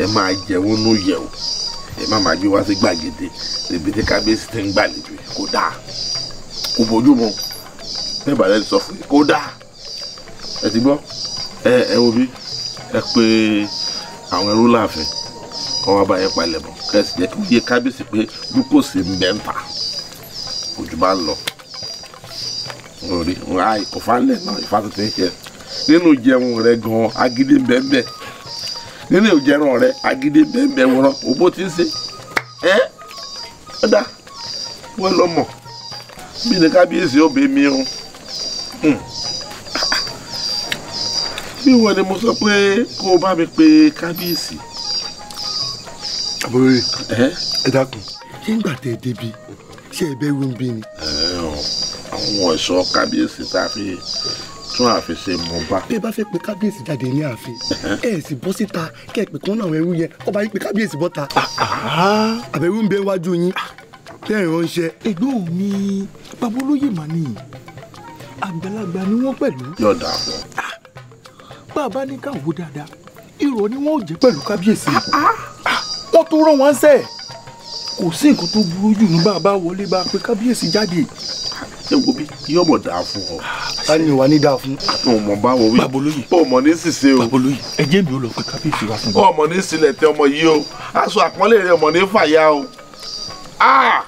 ẹ máa jẹun nú yẹ̀wò ẹ má máa gbé wá sí gbàgede níbi kábíyèsí ti ń gbàlejò kó dáa kò bójú mu bẹ́ẹ̀ bá lẹ́nu sọ fún yìí kó dáa ẹ ti gbọ́ ẹ ẹ wo bí ẹ pé àwọn ẹrú láàfin kọ́ wá bá yẹn palẹ̀ mọ́ kẹ́sì jẹ́ kí yé kábíyèsí pé bí ń bẹ́ ń ta òjò bá ń lọ orí wọn lẹ̀ náà ìfà tuntun yẹn nínú jẹun rẹ gan agídí bẹ́ẹ̀ bẹ́ẹ̀ nínú ìjẹran rẹ agídé bẹ́ẹ̀ wọ́n o bó ti ń ṣe ẹ́ ó dá wọ́n lọ mọ̀ bí ni kábíyèsí ó bẹ mi o hmm. bí wọ́n ni mo sọ pé kó o bá mi pe kábíyèsí. àbúrò ẹ dákun nígbà tẹ ẹ débi ṣé ẹ bẹ wí ń bí ni. àwọn ọ̀ṣọ́ kábíyèsí tá a fi tún ààfin ṣe mọ bá. bí ẹ bá fẹ́ pe kábíyèsí jáde ní ààfin ẹ ẹ sì bọ́ síta kẹ́ ẹ pè kán náà àwọn ẹrú yẹn kọ́ bá yín pe kábíyèsí bọ́ta. Ah, ah, ah. àbẹ̀rù ń bẹ wájú yín tẹ́ẹ̀ ránṣẹ́. ẹ̀gbọ́n mi bàbá olóyè mà ní àgbàlagbà ni wọ́n pẹ̀lú. yọ̀dà. bàbá ní ká wò dáadáa irọ́ ni wọ́n ò jẹ́ pẹ̀lú kábíyèsí. wọ́n tún rán wọn sẹ́ẹ̀ kò sí nǹkan tó burú jù ní bàbá wọlé bá pe kábíyèsí jáde. ẹ wo bí yọ̀bọ̀ dáa fún ọ ká ní ìwà ní dáa fún. ọmọ bá wọ wí. babolóyè ọmọ ní sísè o. babolóyè ẹjẹ mi ò lọ pé kábíyèsí wa fún mi. ọmọ ní sílẹ̀ tẹ ọmọ yìí o aṣọ àpọ́nlé rẹ ọmọ ní fàyà o. Ah!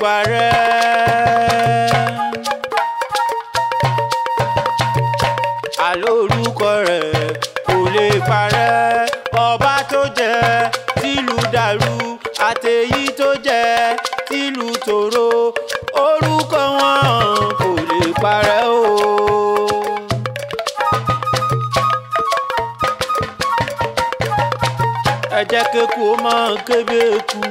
parẹ́. àlórúkọ rẹ̀ kò lè parẹ́. ọba tó jẹ́ tìlú dàrú àtèyí tó jẹ́ tìlú tòró orúkọ wọn kò lè parẹ́ o. ẹ jẹ́ kéku ó máa kébé ku.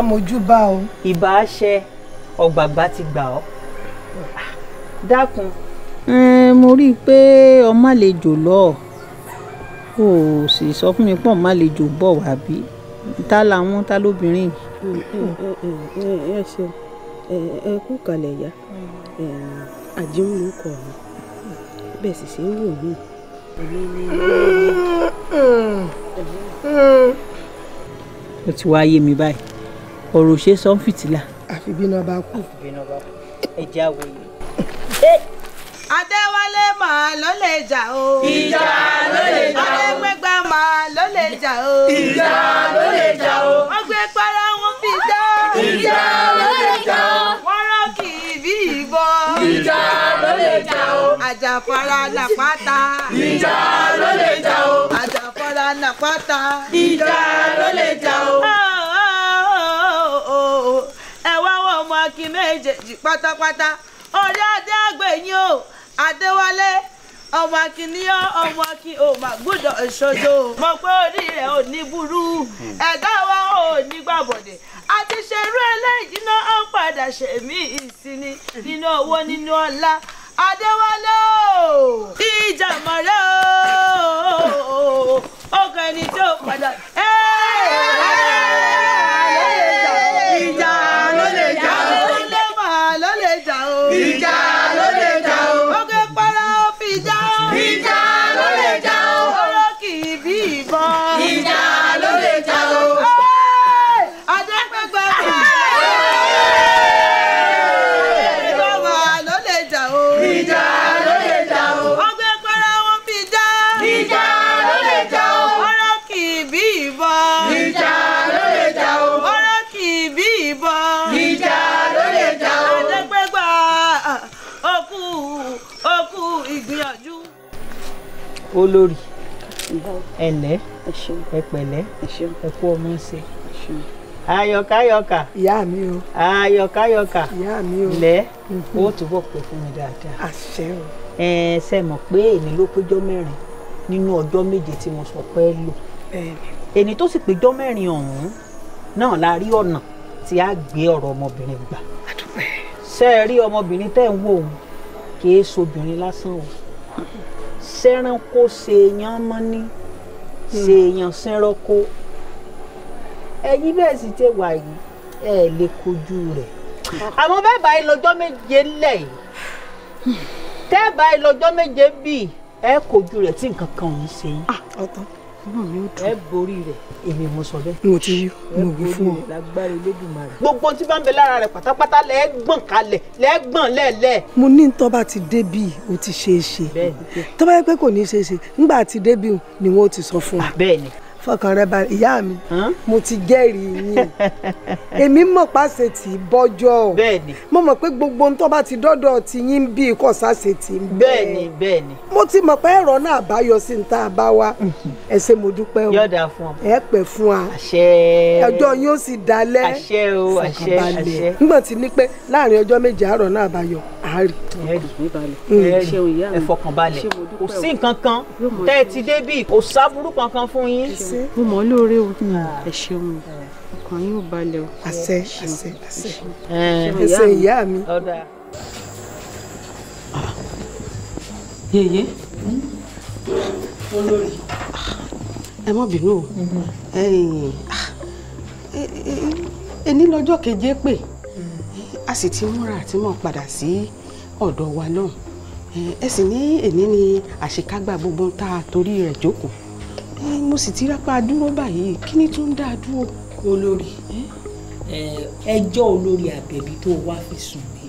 lámojúbà o. ìbá ṣe ọ̀gbàgbà ti gbà ọ́ dákun. mo rí i pé ọmọ àlejò lọ ò sì sọ fún mi pọ̀ ọmọ àlejò bọ̀ wá bí ta làwọn ta lóbìnrin. ẹ ṣe ẹ kú kalẹ̀ yá àdéhùn ló kọ̀ ọ́ bẹ́ẹ̀ sì ṣe ń wò mí. ó ti wá yé mi báyìí ọ̀rọ̀ ṣe sọ ń fìtílà. àfi bí iná bá kú. àfi bí iná bá kú ẹ jẹ́ àwọ̀ yìí. adéwálé màá ló lè jà o. ìjà ló lè jà o. adégbégbá màá ló lè jà o. ìjà ló jà o. wọ́n gbé para wọn fi dá. ìjà ló jà o. wọ́n rọ́ọ̀kì bí ìbọn. ìjà ló jà o. àjàfara làpáta. ìjà ló jà o. àjàfara làpáta. ìjà ló jà o. Ah! méjèèjì pátápátá orí adé àgbẹ̀yìn o adéwálé ọmọ akínníyọ ọmọ akin ò mà gbọ́dọ̀ ìṣojo mọ̀ pé orí rẹ̀ ò ní burú ẹ̀dá wa ò ní gbàbọ̀dẹ̀ àti ṣerú eléyìí náà ó ń padà ṣèmí ìsinmi nínú owó nínú ọlá adéwálé o ìjà mọ̀rẹ́ o ọkàn ẹni tó padà ìjà. olórí ẹlẹ ẹ pẹ̀lẹ́ ẹ kú ọmọ ṣe ayọ̀káyọ̀ká ìyá mi o ayọ̀káyọ̀ká ìyá mi o lẹ o mhm. túbọ̀ pẹ́ fún mi dáadáa àṣẹ o ẹ ṣe mọ̀ pé èmi ló péjọ mẹ́rin nínú ọjọ́ méje tí mo sọ pé lò ẹni tó sì péjọ mẹ́rin ọ̀hún náà la rí ọ̀nà tí a gbé ọ̀rọ̀ ọmọbìnrin gbà ṣe é rí ọmọbìnrin tẹ́ ń wò ó kì í sobìnrin lásán o mhm sẹ́ránkó ṣèèyàn mọ́ni ṣèèyàn hmm. sẹ́ránkó ẹ̀yin bẹ́ẹ̀ sì ti wà yìí ẹ lè kojú rẹ̀ àmọ́ bẹ́ẹ̀ báyìí lọ́jọ́ méje ńlẹ̀ yìí hmm. tẹ́ẹ̀ báyìí lọ́jọ́ méje bíi ẹ kojú rẹ̀ tí nǹkan kan ò ní ṣe yín. Ah, inú mi ò dùn. ẹ borí rẹ. èmi mo sọ bẹ́ẹ̀. mo ti mo wí fún ọ. lágbára Elédùmarè. gbogbo ohun tí bá ń bẹ lára rẹ pátápátá lẹ́ẹ̀gbọ̀n kalẹ̀ lẹ́ẹ̀gbọ̀n lẹ́ẹ̀lẹ́. mo ní tó bá ti débì o ti ṣe é ṣe tó bá yẹ pé kò ní í ṣe é ṣe ńgbà tí débì ni wọn ti sọ fún wa. bẹ́ẹ̀ fọkàn rẹ balẹ̀ ìyá mi mo ti jẹ́rìí yín [laughs] èmi mọ̀ pàṣẹ tì í bọ́jọ́ mo mọ̀ pé gbogbo ohun tó bá ti dọ́dọ̀ ti yín bí ikọ̀ sáṣẹ tì í bẹ́ẹ̀ni bẹ́ẹ̀ni mo ti mọ̀ pé ẹ̀rọ náà àbáyọ sí ní tá a bá wa mhm. ẹ ṣé mo dúpẹ́ o yọ̀dà fún ọ ẹ pẹ́ fún wa ọjọ́ yín ó sì dalẹ̀ fọkàn balẹ̀ nígbà tí ní pé láàrin ọjọ́ méje àárọ̀ náà àbáyọ àárì ẹ fọkàn balẹ̀ mm. kò sí nǹkan kan tẹ́ ẹ ti débì kò sábúrú kankan fún yín ṣe. mo mọ̀ ọ́ lóore o ah. ẹ ṣeun ọkàn yín ò balẹ̀ o. àṣẹ àṣẹ àṣẹ ẹsẹ ìyá mi. Ah. yèyé olórí ẹ má bínú o mhm. ah. e, e, ẹni lọ́jọ́ keje pé a sì ti múra àti mọ̀ padà sí ọ̀dọ̀ wa lọ́hùn ẹ sì ní èní ni àṣekágbà gbogbo tá a torí rẹ̀ jókòó mo sì ti rápá dúró báyìí kí ni tó ń dá a dúró. olórí ẹjọ́ olórí àbẹ̀bí tó wá fi sùn mí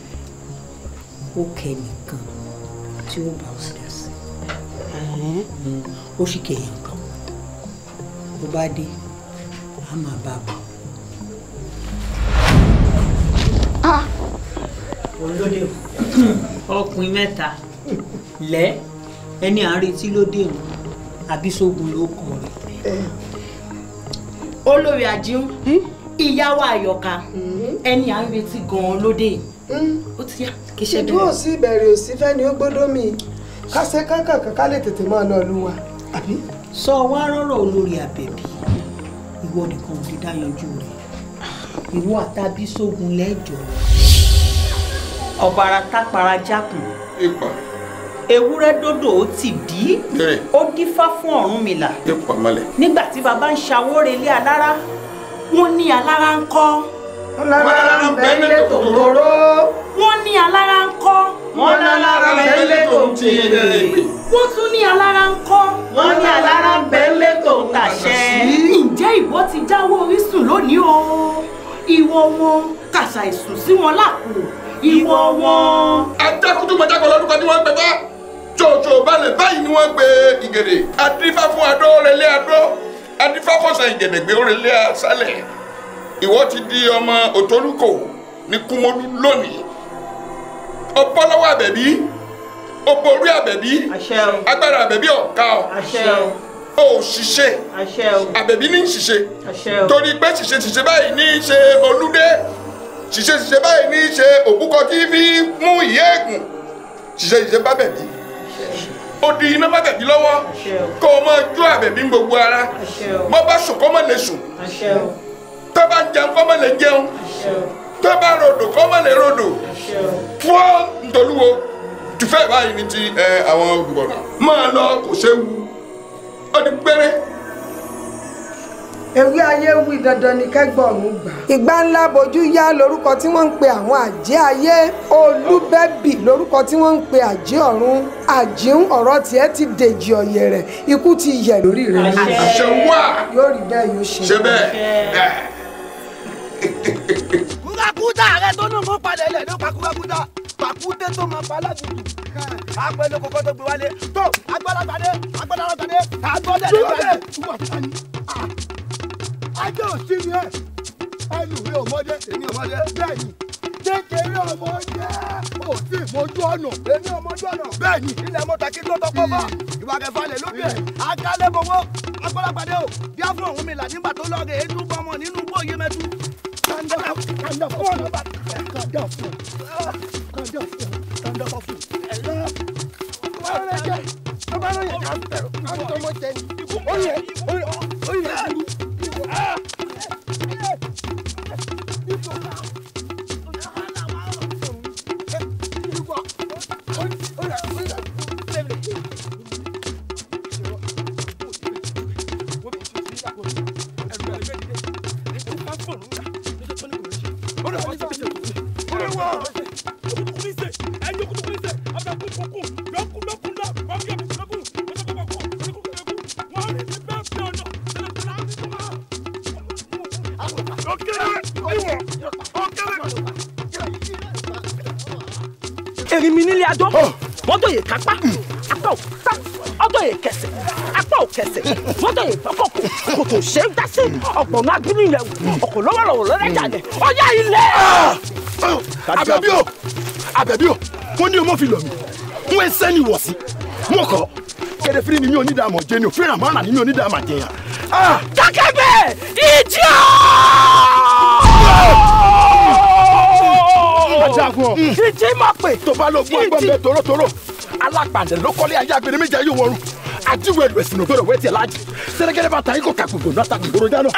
ó kẹ́ nìkan tí ó bá ọ dá sí ó sì kẹ̀yìn kan tó bá dé a máa bá a bọ̀. olóde ah! ọkùnrin mẹ́ta lẹ́ ẹni à ń retí lóde òun àbí sógun ló kàn rẹ. olórí àjíún hm? ìyàwó àyọkà hm? ẹni à ń retí gan-an lóde hm? ó ti yá kì í ṣe bẹ̀rẹ̀. ìdúró sí ìbẹ̀rẹ̀ òsì fẹ́ni ó gbọ́dọ̀ mi ká ṣe kákàkà ká lè tètè máa lọ lu wa àbí. sọ wá rọrọ olórí àbẹ̀bí ìwọ nìkan ò lè dá yanjú rẹ ìwọ àtàbí sógun lẹ́jọ́ ọ̀bàrà tápara jákùn. ipa ewúrẹ́ dòdò ó ti dí ó dífá fún Ọ̀rúnmìlà nígbà tí baba ń ṣàwórè ilé alára wọ́n ní alára ń kọ́ lára ń bẹ ilé tòǹtòró wọ́n ní alára ń kọ́ wọ́n lára ń bẹ ilé tòǹtìrè wọ́n tún ní alára ń kọ́ wọ́n ní alára ń bẹ ilé tòǹtàṣẹ. ǹjẹ́ ìwọ ti jáwọ́ orísun lónìí o ìwọ wọn kàṣà ìsùn sí wọn lápò ìwọ wọn. ajá kúndùmọ̀jà kan lọ́dún kan tí wọ́n ń pẹ́ bá tòótò balẹ̀ báyìí ni wọ́n gbé ìgèrè adífá fún adó rẹlẹ́ adó adífá fọ̀sán ìgẹ̀dẹ̀gbẹ̀ rẹlẹ́ asálẹ̀ ìwọ ti di ọmọ òtólúkò ní kúmọlú lónìí ọpọlọwọ àbẹ̀bí oporí àbẹ̀bí agbára àbẹ̀bí ọ̀ka ọ̀ ò ṣiṣẹ́ àbẹ̀bí ní ṣiṣẹ́ torí pé ṣiṣẹ́ ṣiṣẹ́ báyìí ní ṣe olúdé ṣiṣẹ́ ṣiṣẹ́ báyìí ní ṣe òbúkọ tí fi mú ìyá ègùn ṣiṣẹ́ ṣiṣẹ́ bá bẹ̀bí odi iná bá bẹ̀bí lọ́wọ́ kó o máa jó àbẹ̀bí gbogbo ara bó bá sùn kó má lè sùn tó bá ń jẹun kó má lè jẹun tó bá rodò kó má lè rodò fún ntòlúwo tùfẹ́ báyìí ní ti àwọn olùgbọ̀nà máa lọ kò séwu ó di péré ewé ayé wí dandan ni kẹgbọrún gbà. ìgbà ńlá bojú yá lórúkọ tí wọ́n ń pe àwọn àjẹ́ ayé olúbẹ́bì lórúkọ tí wọ́n ń pe àjẹ́ ọ̀run àjíhùn ọ̀rọ̀ tiẹ̀ ti dèjì ọ̀yẹ̀ rẹ̀ ikú ti yẹ̀ lórí rẹ̀. àṣẹ wà yóò rí bẹ́ẹ̀ yóò ṣe. ṣe bẹ́ẹ̀ kúrakúta rẹ tó nù mú padà ilẹ̀ ló pa kúrakúta pàkúté tó máa pa aládùúgbò àgbẹ̀ ló tó gbé wálé tó agbára gbadé agbára gbadé àgbọ̀dẹ̀ ló gbadé ajé òsì ni ẹ ẹlùwẹ̀ ọmọdé èmi ọmọdé bẹ́ẹ̀ ni kékeré ọmọdé ò tí ì mójú ọ̀nà èmi ọmọdé ọ̀nà bẹ́ẹ̀ ni ilẹ̀ mọ́ta kí ló tọ́pọ̀ bá ìwàkẹ́fà lè lóbi ẹ̀ akálẹ̀ gbogbo agbọ́dàgbàdé o bí afro òun mi là nígbà tó lọ́ọ̀rẹ́ èédú gbọmọ nínú gbó yé mẹ́tú. kàńdà fún kàńdà fún kàńdà fún kàńdà fún kàńdà fún ẹ̀lọ́ ọmọdé ọmọdé ọmọdé ọmọdé ọmọdé èkápá apá òkúta ọjọ́ yẹ kẹsẹ̀ apá òkẹsẹ̀ mọ́tò yẹ bọ́kọ̀kọ̀ kò tó ṣe é dá sí ọ̀gbọ̀n agbínú ilẹ̀ wò ọkọ̀ lọ́wọ́lọ́wọ́ lọ́rẹ́jà mm. ni ọjà ilẹ̀. Ah! Ah! àbẹ̀bí o àbẹ̀bí o mo ní o mọ̀ fi lọ mi n wẹ́ sẹ́ni wọ̀ sí mo kọ́ kéde firi ni mi ò ní dààmú ọ̀jẹ̀ ni òfin ràn mọ́ra ni mi ò ní dààmú àjẹyàn. dákẹ́gbẹ́ ah! ìjì ọ̀ọ́. ìjì máa pè ìjì máa pè tòbá ló gbọ́ ẹgbẹ́ mi tòrótòró apàǹtẹ̀ ló kọ́lé ayé agbèrè méjì ayé wọ̀run àdìwọ̀ ẹ̀lú ẹ̀sìn òbẹ̀rẹ̀ wẹ́ẹ̀tì aláàjì sẹ́rẹ́gẹ́rẹ́ bàtà yìí kò kà gbogbo náà tàbí gbòòrò dáná.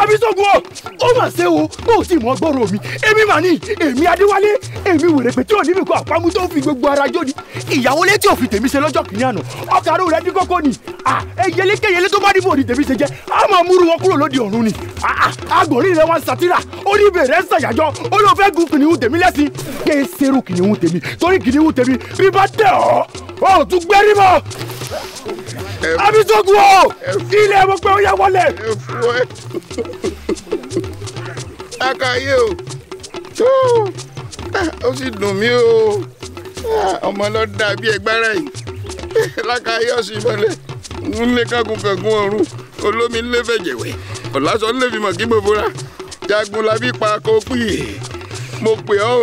abisogun ah! o ó mà ṣe o ó sì mọ gbọ́rọ̀ mi èmi mà ní èmi adéwálé èmi wèrèpè tí ò ní mi kọ àpamú tó fi gbogbo ara jó ni ìyàwó létí òfin tèmi ṣe lọ́jọ́ kìíní àná ọkàrú rẹ dín kókó ni ah! ẹyẹlékèyẹlé tó bá dìbò ní tèmi ṣe jẹ máa múrú wọn kúrò lóde ọ̀run ni ah, ah, agbòrí rẹ wọn sátírà ó ní bèrè ṣàyàjọ ó ló fẹ́ gun kìnìún tèmi lẹ́sìn kí n ṣerú kìnìún tèmi torí kìnìún tèmi bí bá tẹ̀ ọ́ ọ́ tún gbẹ́rí mọ́ abisogun o ilé mo pé ó yá wọlé. ẹ ká yé o ó sì dùn mí o ọmọ lọ dà bí yìí lákàáyé ọ̀sìn ìmọ̀lẹ̀ ń lé kágun kẹ̀gún ọ̀run olómi ńlẹ fẹ̀jẹ̀wẹ̀ ọ̀làsọ ńlẹ fi mọ̀ kí mo fura jagun la fi pa kó pìyè mo pè ọ́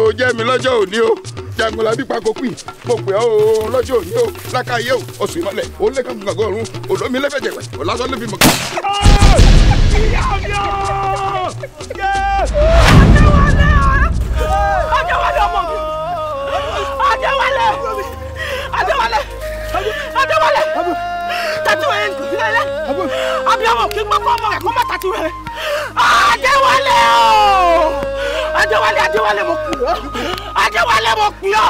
o jẹ́ mi lọ́jọ́ òní o jagun la fi pa kó pìyè mo pè ọ́ o lọ́jọ́ òní o lákàyè o oṣù ìmọ̀lẹ̀ o lè kàn gbàgbọ́ ọ̀run olómi ńlẹ fẹ̀jẹ̀wẹ̀ ọ̀làsọ ńlẹ fi mọ̀ kí. ìyá mi ò ọjọ́wọ́lẹ̀ ọjọ́wọ́lẹ̀ ọmọ mi ọjọ́wọ́lẹ̀ ọjọ́wọ́lẹ̀ ọjọ́wọ́lẹ̀ tatu ẹ lẹlẹ abiyamọ kí n gbọ́ fún ọmọ rẹ kó má tatu rẹ Adéwálé o Adéwálé Adéwálé mo kù ọ Adéwálé mo kù ọ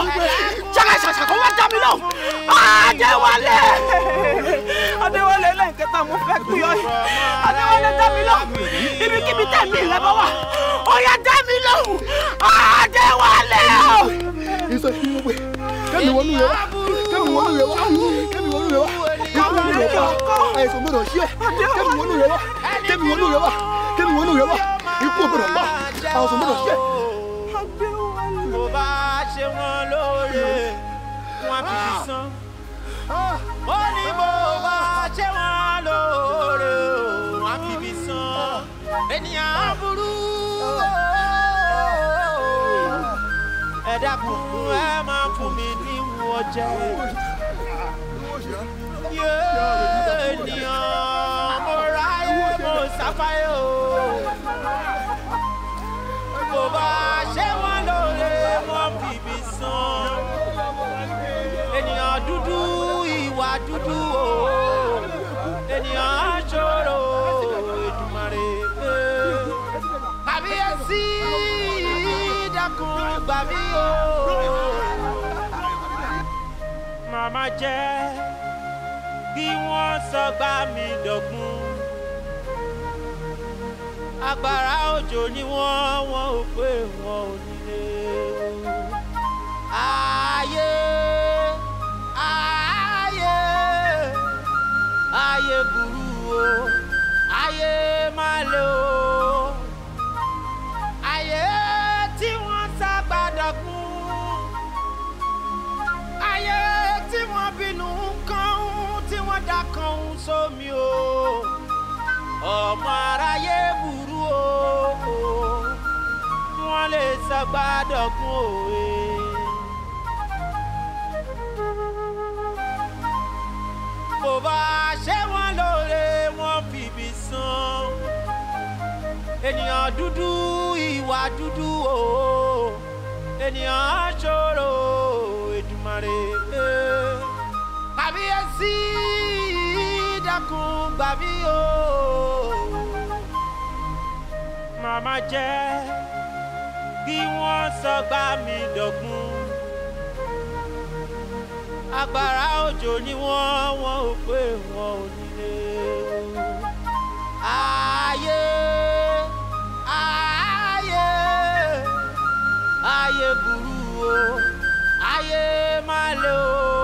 ṣàkà ṣàṣà kó wá jábí lọ Adéwálé Adéwálé lẹ́ǹkẹta mo fẹ́ kú yọ Adéwálé jábí lọ ibikíbi tẹ̀mí rẹ bá wà ó yá jábí lọ Adéwálé o. ìsọ̀tún mi wọ́n pè kẹ́mi wọ́n lù yẹ wá kẹ́mi wọ́n lù yẹ wá kẹ́mi wọ́n lù yẹ wá rẹ wá àìsàn gbọ́dọ̀ ṣí ẹ kẹmi wọnú rẹ wá kẹmi wọnú rẹ wá kẹmi wọnú rẹ wá ikú gbọ́dọ̀ pa àìsàn gbọ́dọ̀ ṣí ẹ. mo bá ṣe wọn lóore wọn fi san mo ah. ní mo bá ṣe wọn lóore wọn fi san ènìyàn burú ah. ẹ̀dá kúkú ẹ máa fún mi ní ìwọ jẹ́ ènìyàn mo ráyè mo ṣàfáyé o. kò bá ṣe wọ́n lóore wọ́n fìbí san. ènìyàn dúdú ìwà dúdú o. ènìyàn ṣòro Èdùmàrè pé. kàbíyèsí dákun gbà mí o. màmá jẹ́ kí wọ́n sọgbà mi dọ̀gbun agbára òjò ni wọ́n wọ́n ò pé wọn ò nílé ayé ayé ayé burú o ayé má lè o. sómi o ọmọ aráyé burú o wọn lè sàgbádọ̀gún òwe. kò bá ṣe wọn lóore wọn fìbí san ènìyàn dúdú ìwà dúdú o ènìyàn ṣòro Èdùmàrè. kàbíyèsí dákun gbà mí o. màmá jẹ́ bí wọ́n sọgbà mi dọ̀gbun. agbára òjò ni wọ́n wọ́n ò pé wọ́n ò nílé o. ayé ayé ayé burú o ayé má lè o.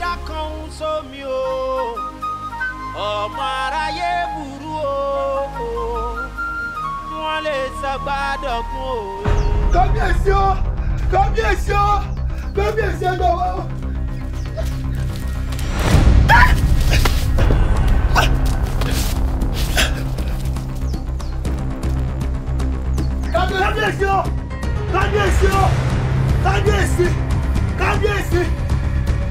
dákan ń sómi o ọmọ aráyé burú o wọn lè sàgbádọ̀kun o. kábíyèsí o kábíyèsí o kábíyèsí ẹ lọ wá. kábíyèsí o kábíyèsí o kábíyèsí kábíyèsí.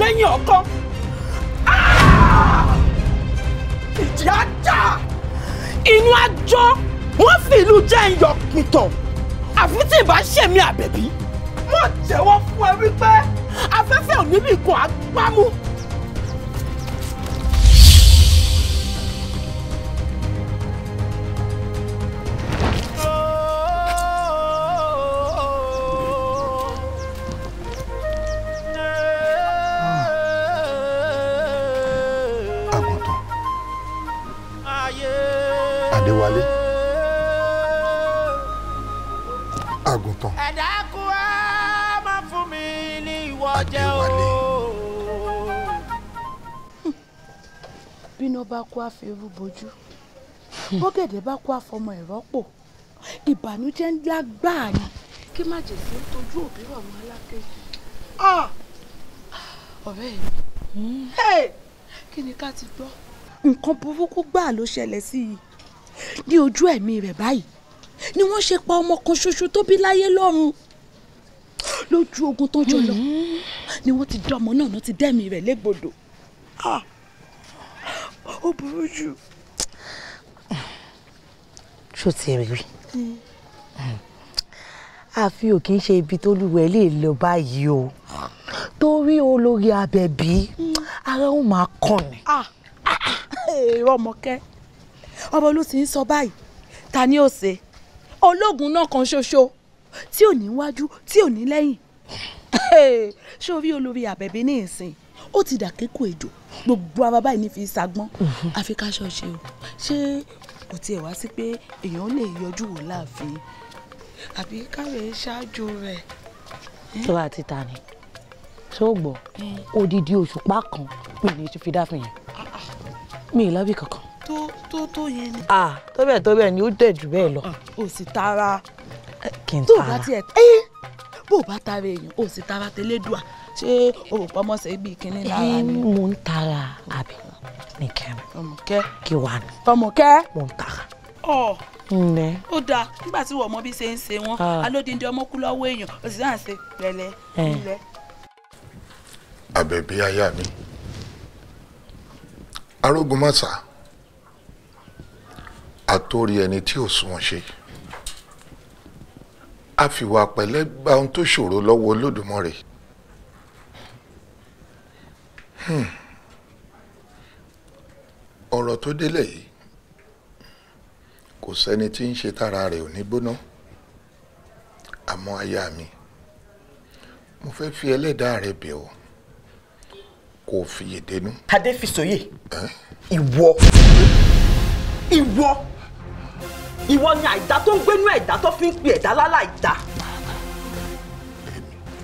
lẹ́yìn ọkọ. ìjì ajá inú ajọ́ wọ́n fi ìlú jẹ́ ìyọ̀ pìtàn àfi tí ìbá ṣèmi àbẹ̀bí. mo jẹ́wọ́ fún ẹ wípé afẹ́fẹ́ ò níbi ìkan àgbámú. fi irú bojú bọ́gẹ̀dẹ̀ bá kó àfọmọ ẹ̀ rọ́pò ìbànújẹ́ ńlá gbáà ni kí má jèsè ń tọ́jú òbí rọ̀ mọ́ alákejì ọ̀rẹ́ mi hmm? kí ni ká ti gbọ́. nǹkan burúkú gbáà ló ṣẹlẹ̀ sí i ní ojú ẹ̀mí rẹ̀ báyìí ni wọ́n ṣe pa ọmọ kan ṣoṣo tó bí láyé lọ́run lójú ogun tó jọ lọ hmm? ni wọ́n ti dán ọmọ náà ti dẹ́mi rẹ̀ légbodò ó burú jù. ṣó ti rí rí hmm. àfi ò kì í ṣe ibi tó lúwẹ̀ lè lọ báyìí o torí olórí abẹ̀bí ara ó máa kàn ní. Ah, ah, ah. èrò ọmọkẹ́ ọmọ ló ti ń sọ báyìí ta ni ó ṣe ológun náà kan ṣoṣo tí ò ní wájú tí ò ní lẹ́yìn sórí olórí abẹ̀bí ní ìsìn ó ti dàkékò ejò gbogbo ara báyìí ní fi sagbọ́n àfi mhm. ká ṣọ́ọ̀ṣe o ṣé kò tiẹ̀ wá sí pé èèyàn lè yọjú wò láàfin àbí káwé ṣáájú rẹ̀. tó bá ti ta ni tó gbọ́ odidi òṣùpá kan mi ni fi dáfin yẹn ah, ah. mi ì lábì kankan. tó tó tó yẹn ni. ah tó bẹ́ẹ̀ tó bẹ́ẹ̀ ni ó dẹ̀ jù bẹ́ẹ̀ lọ. Ah, o sì tara. kì í tara. tó o bá tiẹ̀ ẹ́ o bá tara èèyàn o sì tara tẹ́lẹ̀ dùn à ṣé o ò pọ́ mọ́sẹ̀ bíi kínní lára ni. mo ń tara àbí nìkẹ́ mi. ọmọkẹ́ kí wàá ní. ọmọkẹ́. mo ń tara. ọ ǹlẹ́. ó dáa nígbà tí wọ́n mọ bí ṣe ń ṣe wọ́n alódìndín ọmọ kú lọ́wọ́ èèyàn ó sì dáhà ṣe pẹ̀lẹ́ ńlẹ́. àbẹ̀bí aya mi arógunmọ̀sá àtòrí ẹni tí ò sunwọ̀n ṣe a fìwà pẹ̀lẹ́ gba ohun tó ṣòro lọ́wọ́ Olódùmarè Hmm. ọ̀rọ̀ tó délẹ̀ yìí kò sẹ́ni tí ń ṣe tára rẹ̀ ò ní gbóná àmọ́ aya mi mo fẹ́ fi ẹlẹ́dàá rẹ bẹ̀ ọ́ kò fiyè dénú. tadé fi sòye ìwọ ìwọ ìwọ ni àìdá tó ń gbénú ẹ̀dá tó fi ń pe ẹ̀dá láláìdá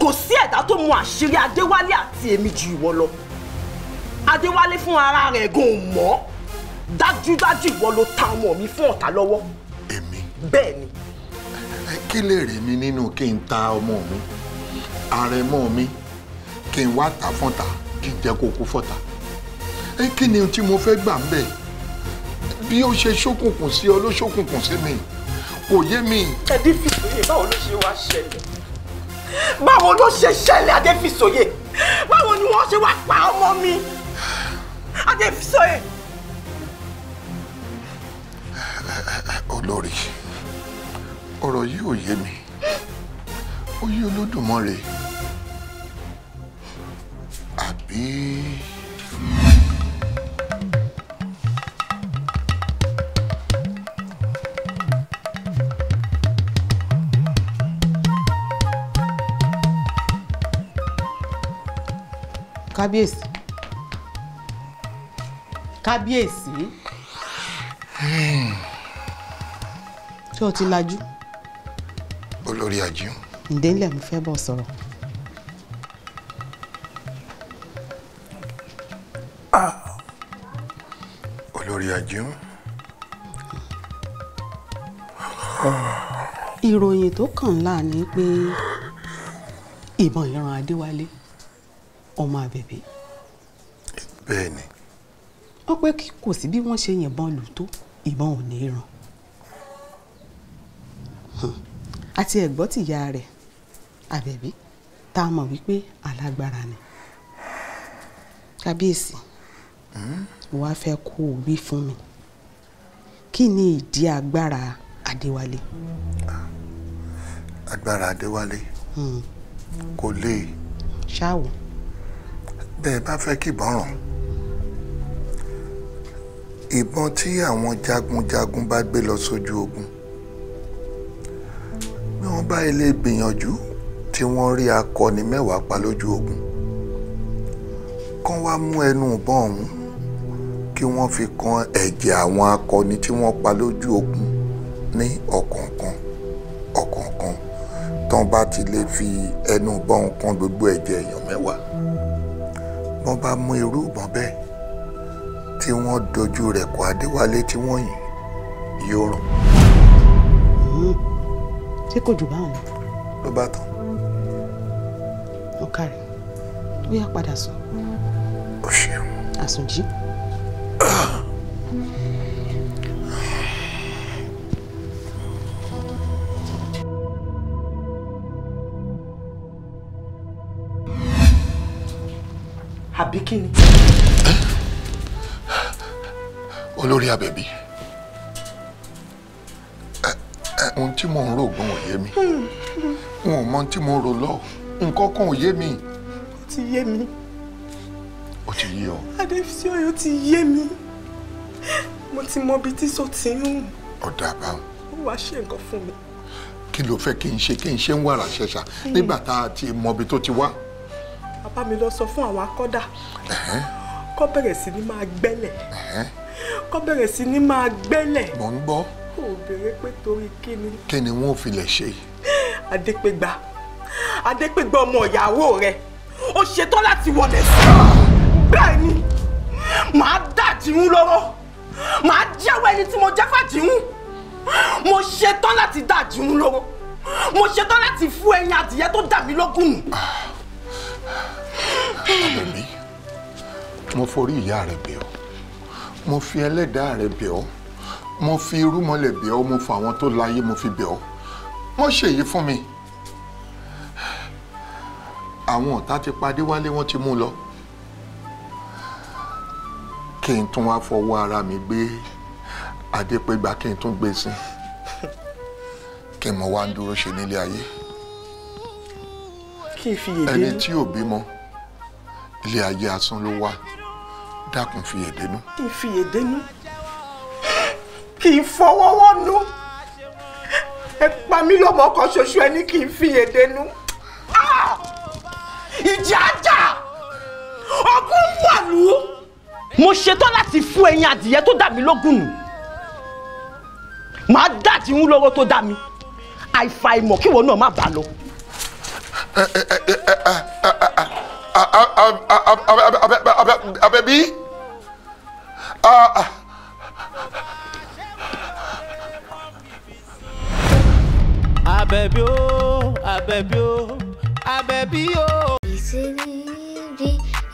kò sí ẹ̀dá tó mọ àṣírí adéwálé àti èmi ju ìwọ lọ adéwálé fún ara rẹ̀ gan mọ́ dájúdájú ìwọ ló ta ọmọ mi fún ọ̀tá lọ́wọ́. èmi. bẹ́ẹ̀ ni. kí lè rí mi nínú kí n ta ọmọ mi àrẹ̀mọ mi kí n wá tà fọ́ta kí n jẹ́ kó kú fọ́ta kí ni tí mo fẹ́ gbà ń bẹ̀ bí ó ṣe ṣókùnkùn sí ọ ló ṣókùnkùn sí mi kò yé mi. adéfìsòye báwo ló ṣe wá ṣẹlẹ̀ báwo ló ṣe ṣẹlẹ̀ adéfìsòye báwo ni wọ́n ṣe wá pa ọmọ mi and if so. olórí ọ̀rọ̀ yìí ò yé mi ó yé olódùmarè àbí. kábíyèsí kábíyèsí ṣé o ti lajú. olórí ajú. ǹdẹ́lẹ̀ mo fẹ́ bọ̀ sọ̀rọ̀. Ah, olórí ajú. ìròyìn tó kàn ńlá ni pé ìbọn ìran adéwálé ọmọ àbẹ̀bẹ̀. bẹ́ẹ̀ ni wọ́n pé kò sí bí wọ́n ṣe yìnbọn lù tó ìbọn ò ní ràn àti ẹ̀gbọ́n tìyá rẹ̀ àbẹ̀bí tá a mọ̀ wípé alágbára ni kábíyèsí wàá fẹ́ kó o wí fún mi kí ni ìdí agbára adéwálé. agbára adéwálé hmm. kò lè. ṣáà wò. bẹ́ẹ̀ bá fẹ́ kí ìbọn ràn ìbọn tí àwọn jagunjagun bá gbé lọ sójú ogun bí wọ́n bá ilé gbìyànjú tí wọ́n rí akọni mẹ́wàá pa lójú ogun kán wá mú ẹnu ìbọn ọ̀hún kí wọ́n fi kan ẹ̀jẹ̀ àwọn akọni tí wọ́n pa lójú ogun ní ọ̀kọ̀ọ̀kan ọ̀kọ̀ọ̀kan tán bá ti lè fi ẹnu ìbọn kan gbogbo ẹ̀jẹ̀ èèyàn mẹ́wàá wọ́n bá mú irú ìbọn bẹ́ẹ̀ tí wọ́n dojú rẹ̀ kọ Adéwálé tí wọ́n yìn yóò rùn. ṣé kò jù báwọn. ló bá tán. ọ̀ka rẹ̀ ó padà sùn. o ṣeun. àsùnjí. àbí kí ni. olórí àbẹ̀bí ohun tí mò ń rò gbọ́n ò yé mi n ò mọ tí mo rò lọ nǹkan kan ò yé mi. ó ti yé mi. ó ti yé ọ. adéfisí ọyọ ti yé mi mo ti mọ ibi tí sọ ti ń rùn. ọ̀dà àbáwọn. ó wàá ṣe nǹkan fún mi. kí ló fẹ́ kí n ṣe kí n ṣe ń wàrà ṣẹ̀ṣà hmm. nígbà tá a ti mọ ibi tó ti wá. bàbá mi lọ sọ fún àwọn akọ́dà kọ́ bẹ̀rẹ̀ sí ni máa gbẹ́lẹ̀ kọ́ bẹ̀rẹ̀ sí ní máa gbẹ́lẹ̀. mò ń gbọ́. ó béèrè pé torí kí ni. kí ni wọn ò filẹ̀ ṣe. adépégbà adépégbà ọmọ ìyàwó rẹ ó ṣetán láti wọlé sí bẹ́ẹ̀ ni màá dàjìún lọ́rọ́ màá jẹ́wọ́ ẹni tí mo jẹ́ fàjìún mo ṣetán láti dàjìún lọ́rọ́ mo ṣetán láti fún ẹyin adìyẹ tó dà mí lọ́gùn nù. àbẹ̀mí mo forí ìyá rẹ̀ bẹ̀ ọ́ mo fi ẹlẹ́dàá rẹ bẹ̀ ọ́ mo fi irúmọlẹ̀ bẹ̀ ọ́ mo fa àwọn tó láyé mo fi bẹ̀ ọ́ mo ṣèyí fún mi àwọn ọ̀tá ti padé wálé wọ́n ti mú lọ kí n tún wá fọwọ́ ara mi gbé adépégbà kí n tún gbé sí kí n mọ wá ń dúró ṣe nílé ayé ẹni tí ò bímọ ilé ayé asán ló wà dákun fi èdénú. kì í fi èdénú kì í fọwọ́wọ́nú ẹ pa mí lọ́mọ kan ṣoṣo ẹni kì í fi èdénú. Ah! ìjà jà ogún wọ̀lú. mo ṣetán láti fún ẹyin adìyẹ tó dà mí lógún nù màá dà tí ń lọ́wọ́ tó dà mí àìfàìmọ̀ kíwọ náà má bàa lọ. ẹ ẹ ẹ ẹ ẹ Àbẹ̀bí Àbẹ̀bí o Àbẹ̀bí o Àbẹ̀bí o. ìsirí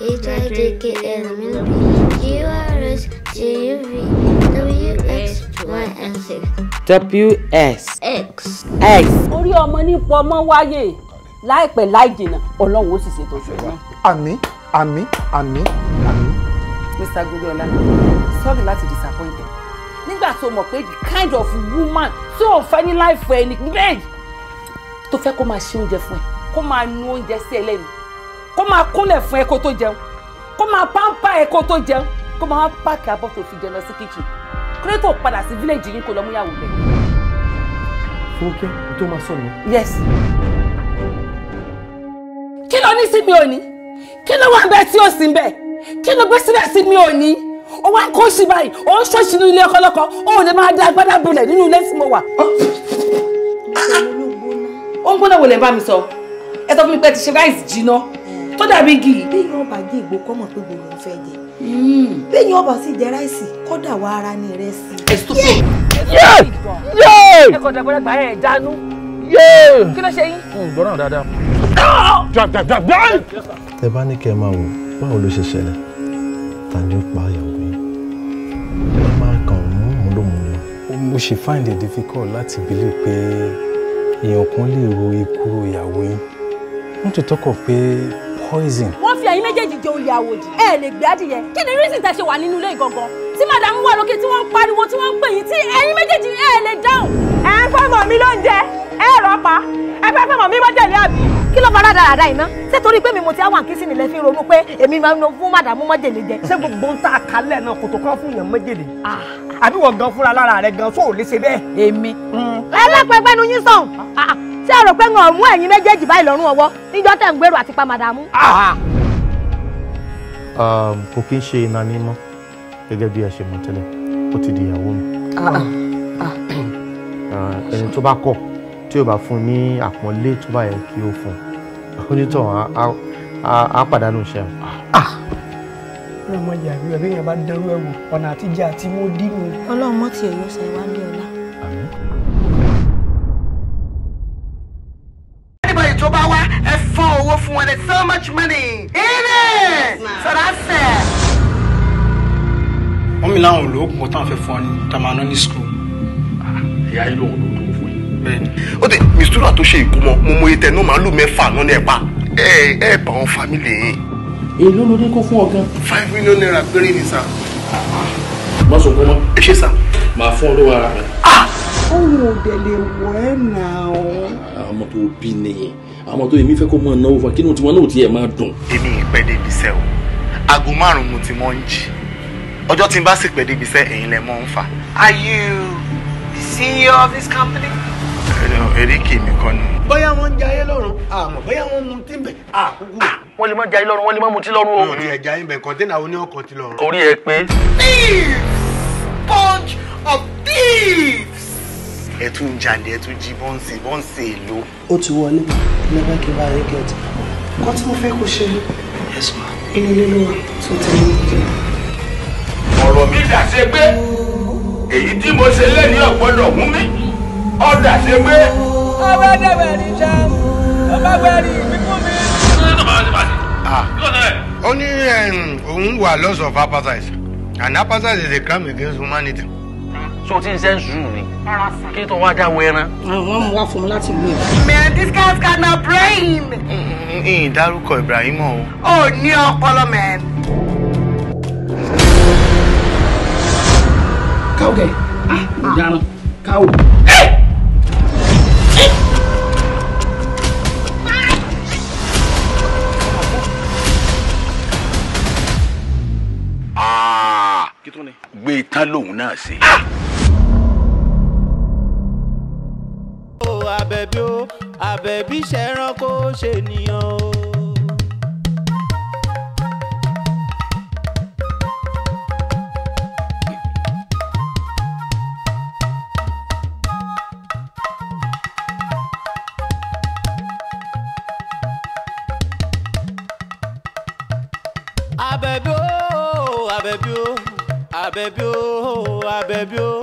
hjdk ẹ̀rọ̀mí qrs jv wx y x. x. orí ọmọ ní pọmọ wáyé láìpẹ́ láì jìnnà ọlọ́run ó sì ṣètò ìṣòro náà. àmín àmín àmín àmín. Mr. Goriola sorry láti disappoint ẹ nígbà tó mọ̀ pé the kind of woman tó o fẹ́ ní láìfọ ẹni bẹ́ẹ̀ tó fẹ́ kó máa ṣe oúnjẹ fún ẹ kó máa nu oúnjẹ sí ẹ lẹ́nu kó máa kúnlẹ̀ fún ẹ kó tó jẹun kó máa pàmpá ẹ kó tó jẹun kó máa pààkì abọ́ tó fi jẹun lọ sí kitchen kúrẹ́tò padà sí village yìí kó lọ mú yàwó bẹ̀. fúnkẹ́ tó máa sọ ni. yes kí ló ní sí mi ò ní kí ló wà ń bẹ tí ó sì ń bẹ kí ló gbé síbẹ̀ sí mi ò ní ó wá ń kó sí báyìí ó ń ṣọ́ọ̀ṣì nínú ilé ọkọlọ́kọ ó lè máa dá agbádá bulẹ̀ nínú ilé tí mo wà. ó ń gbóná wo lè bá mi sọ ẹ sọ fún mi pé ti ṣe ráìsì jiná tó dàbí igi. béèyàn ọba gé ìgbó kọ́mọ̀ pé gbòòrò ń fẹ́ jẹ béèyàn hmm. ọba sì jẹ ráìsì kódà wà ara ní ìrẹsì. ẹ tó fún mi. ẹ kọ̀ dàgbọ́dàgbà ẹ̀ dánú. kí ló ṣe yín ẹ bá ní kẹ́ ẹ máa wò báwo ló ṣe ṣẹlẹ̀ ta ni ó pa ìyàwó yín ẹ máa kàn mú mùlòmù mo ṣe find it difficult láti believe pé èèyàn kan lè ro ikú ìyàwó yín wọ́n ti tọ́kọ̀ pé poison. wọ́n fi ẹ̀yin méjèèjì jẹ olè àwòdì ẹ lè gbé adìyẹ kí ni reason tẹ́ ṣe wà nínú ilé ìgangan tí madam wà lókè tí wọ́n ń pariwo tí wọ́n ń pè yín tí ẹ̀yin méjèèjì ẹ lè dáhùn. ẹ ń fọmọ mi ló ń jẹ ẹ rọ pa ẹ fẹ́ fẹ́ mọ̀ mí wọ́n tẹ̀lé àbí. kí ló fara dáradára iná ṣé torí pé mi mo ti àwọn àkínsí nílẹ̀ fi ronú pé èmi máa ń lọ fún màdàmú mọ́jèlé jẹ. ṣé gbogbo ń ta àkálẹ̀ náà kò tó kán fún yàn mọ́jèlé. àbí wọ́n gan fúnra lára rẹ̀ gan sóò lè ṣe bẹ́ẹ̀. èmi. Hmm. ẹlẹ́pẹ̀gbẹ́nu yín sàn ṣé ẹ rò pé wọn ò mú ẹ̀yin méjèèjì báyìí lọ́rùn ọwọ́ níjọ́ tẹ̀ ń gbèrò àti pa màdàmú. kò kí ń ṣe iná mímọ́ gẹ́gẹ́ bí ẹ ṣe mọ̀ tẹ́lẹ̀ ó ti di ìyàwó mi ẹni tó bá kọ̀ tí o bá fún ní àpọ́nlé tó bá yẹ kí o fún onítọ̀ á pàdánù iṣẹ́ o. Ah! Ah! ọlọ́run mọ ìyàwó ẹ̀ bẹ́ẹ̀ yẹn bá dẹrú ẹ̀ wò ọ̀nà àtijọ́ àti mo dínú. ọlọ́run mọ tiẹ̀ yóò ṣe wá ní ọ̀la. anybody tó bá wá ẹ fọ́ owó fún wọn there's so much money in it so that's it. wọ́n mi láwọn olóògùn táwọn fẹ́ fún ọ ní tamanu ní school ah, ìyá yìí lòun lòdù ó tẹ mistura tó ṣe ìkómọ mo mọ ètè náà màálù mẹ́fà náà ní ẹ̀pà ẹ ẹ bá wọn fámìlì yín. èló ló dé kó fún ọgá. five million naira péré ni sá. má sọ fún ọ. ẹ ṣe sá. màá fún ọ rẹ. ọ̀hún ah! ò lè wọ ẹ̀ nà ọ́. Ah, àmọ́ tó bí nìyẹn àmọ́ tó èmi fẹ́ kó máa náwó fa kí ni tiwọn náà tiẹ̀ máa dùn. èmi ìpẹ́ débi sẹ́ o aago márùn-ún mo ti mọ́ ń jì ọjọ́ tí n bá sì pẹ́ débi sẹ́ ẹ̀yin lẹ mọ́ ń fà. Are you the CEO of this company? eríkì mi kan ni. bóyá wọ́n ń jayé lọ́rùn àmọ́ bóyá wọ́n mu tí ń bẹ̀ wọ́n lè má jayé lọ́rùn wọ́n lè má mu tí lọ́rùn o. orí ẹja ń bẹ kọ́ńténà oní ọkọ̀ ti lọ́rùn. orí ẹ pé. thieves bunch of thieves. ẹ tún jalè ẹ tún jí bọ́ǹsì bọ́ǹsì èlò. ó ti wọlé never give her a get kọ́ tí mo fẹ́ kó ṣe ọ̀rọ̀ mi dà ṣe pé èyí tí mo ṣe lẹ́ni ọ̀gbọ́dọ̀ mú mi ọ̀dà ṣe pé ọwọ́ ẹ̀dẹ̀wẹ̀ ní jẹ́ ọmọ ó ní òun wà loss of appetite and appetite is a crime against humanity. so tí n ṣe ń sùúrù ni kí tó wá dáwọ ẹran. àwọn ọmọ wa fún mi láti lè. man this guy gonna brain. ìyìn dárúkọ Ibrahim o. ó ní ọpọlọ mẹ́rin. káwọ́ kẹ́ ah ìyára káwọ́. gbé tán lòun náà ṣe. àbẹ̀bí ó àbẹ̀bí ṣẹranko ṣènìyàn o. àbẹ̀bí o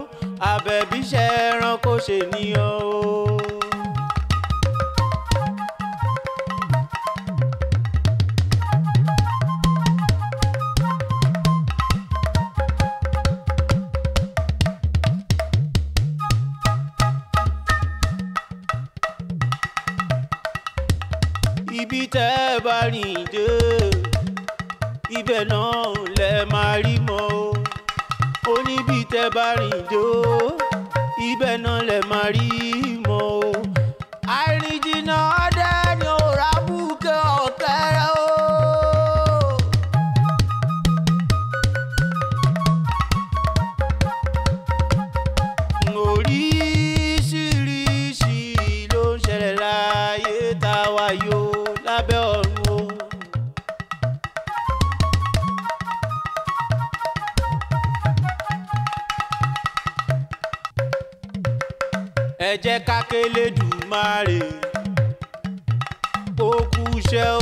àbẹ̀bí ṣe ẹranko ṣe nìyàn o. ibi tẹ́ ẹ bá rìn dé ibẹ̀ náà lẹ máa rí mọ́ o ó ní bí tẹ́ bá rìn dé o ibẹ̀ náà lẹ̀ máa rí mọ́ o àìrìn jìnnà ọ̀dẹ́. Kele dumare, kúṣẹ́ ó.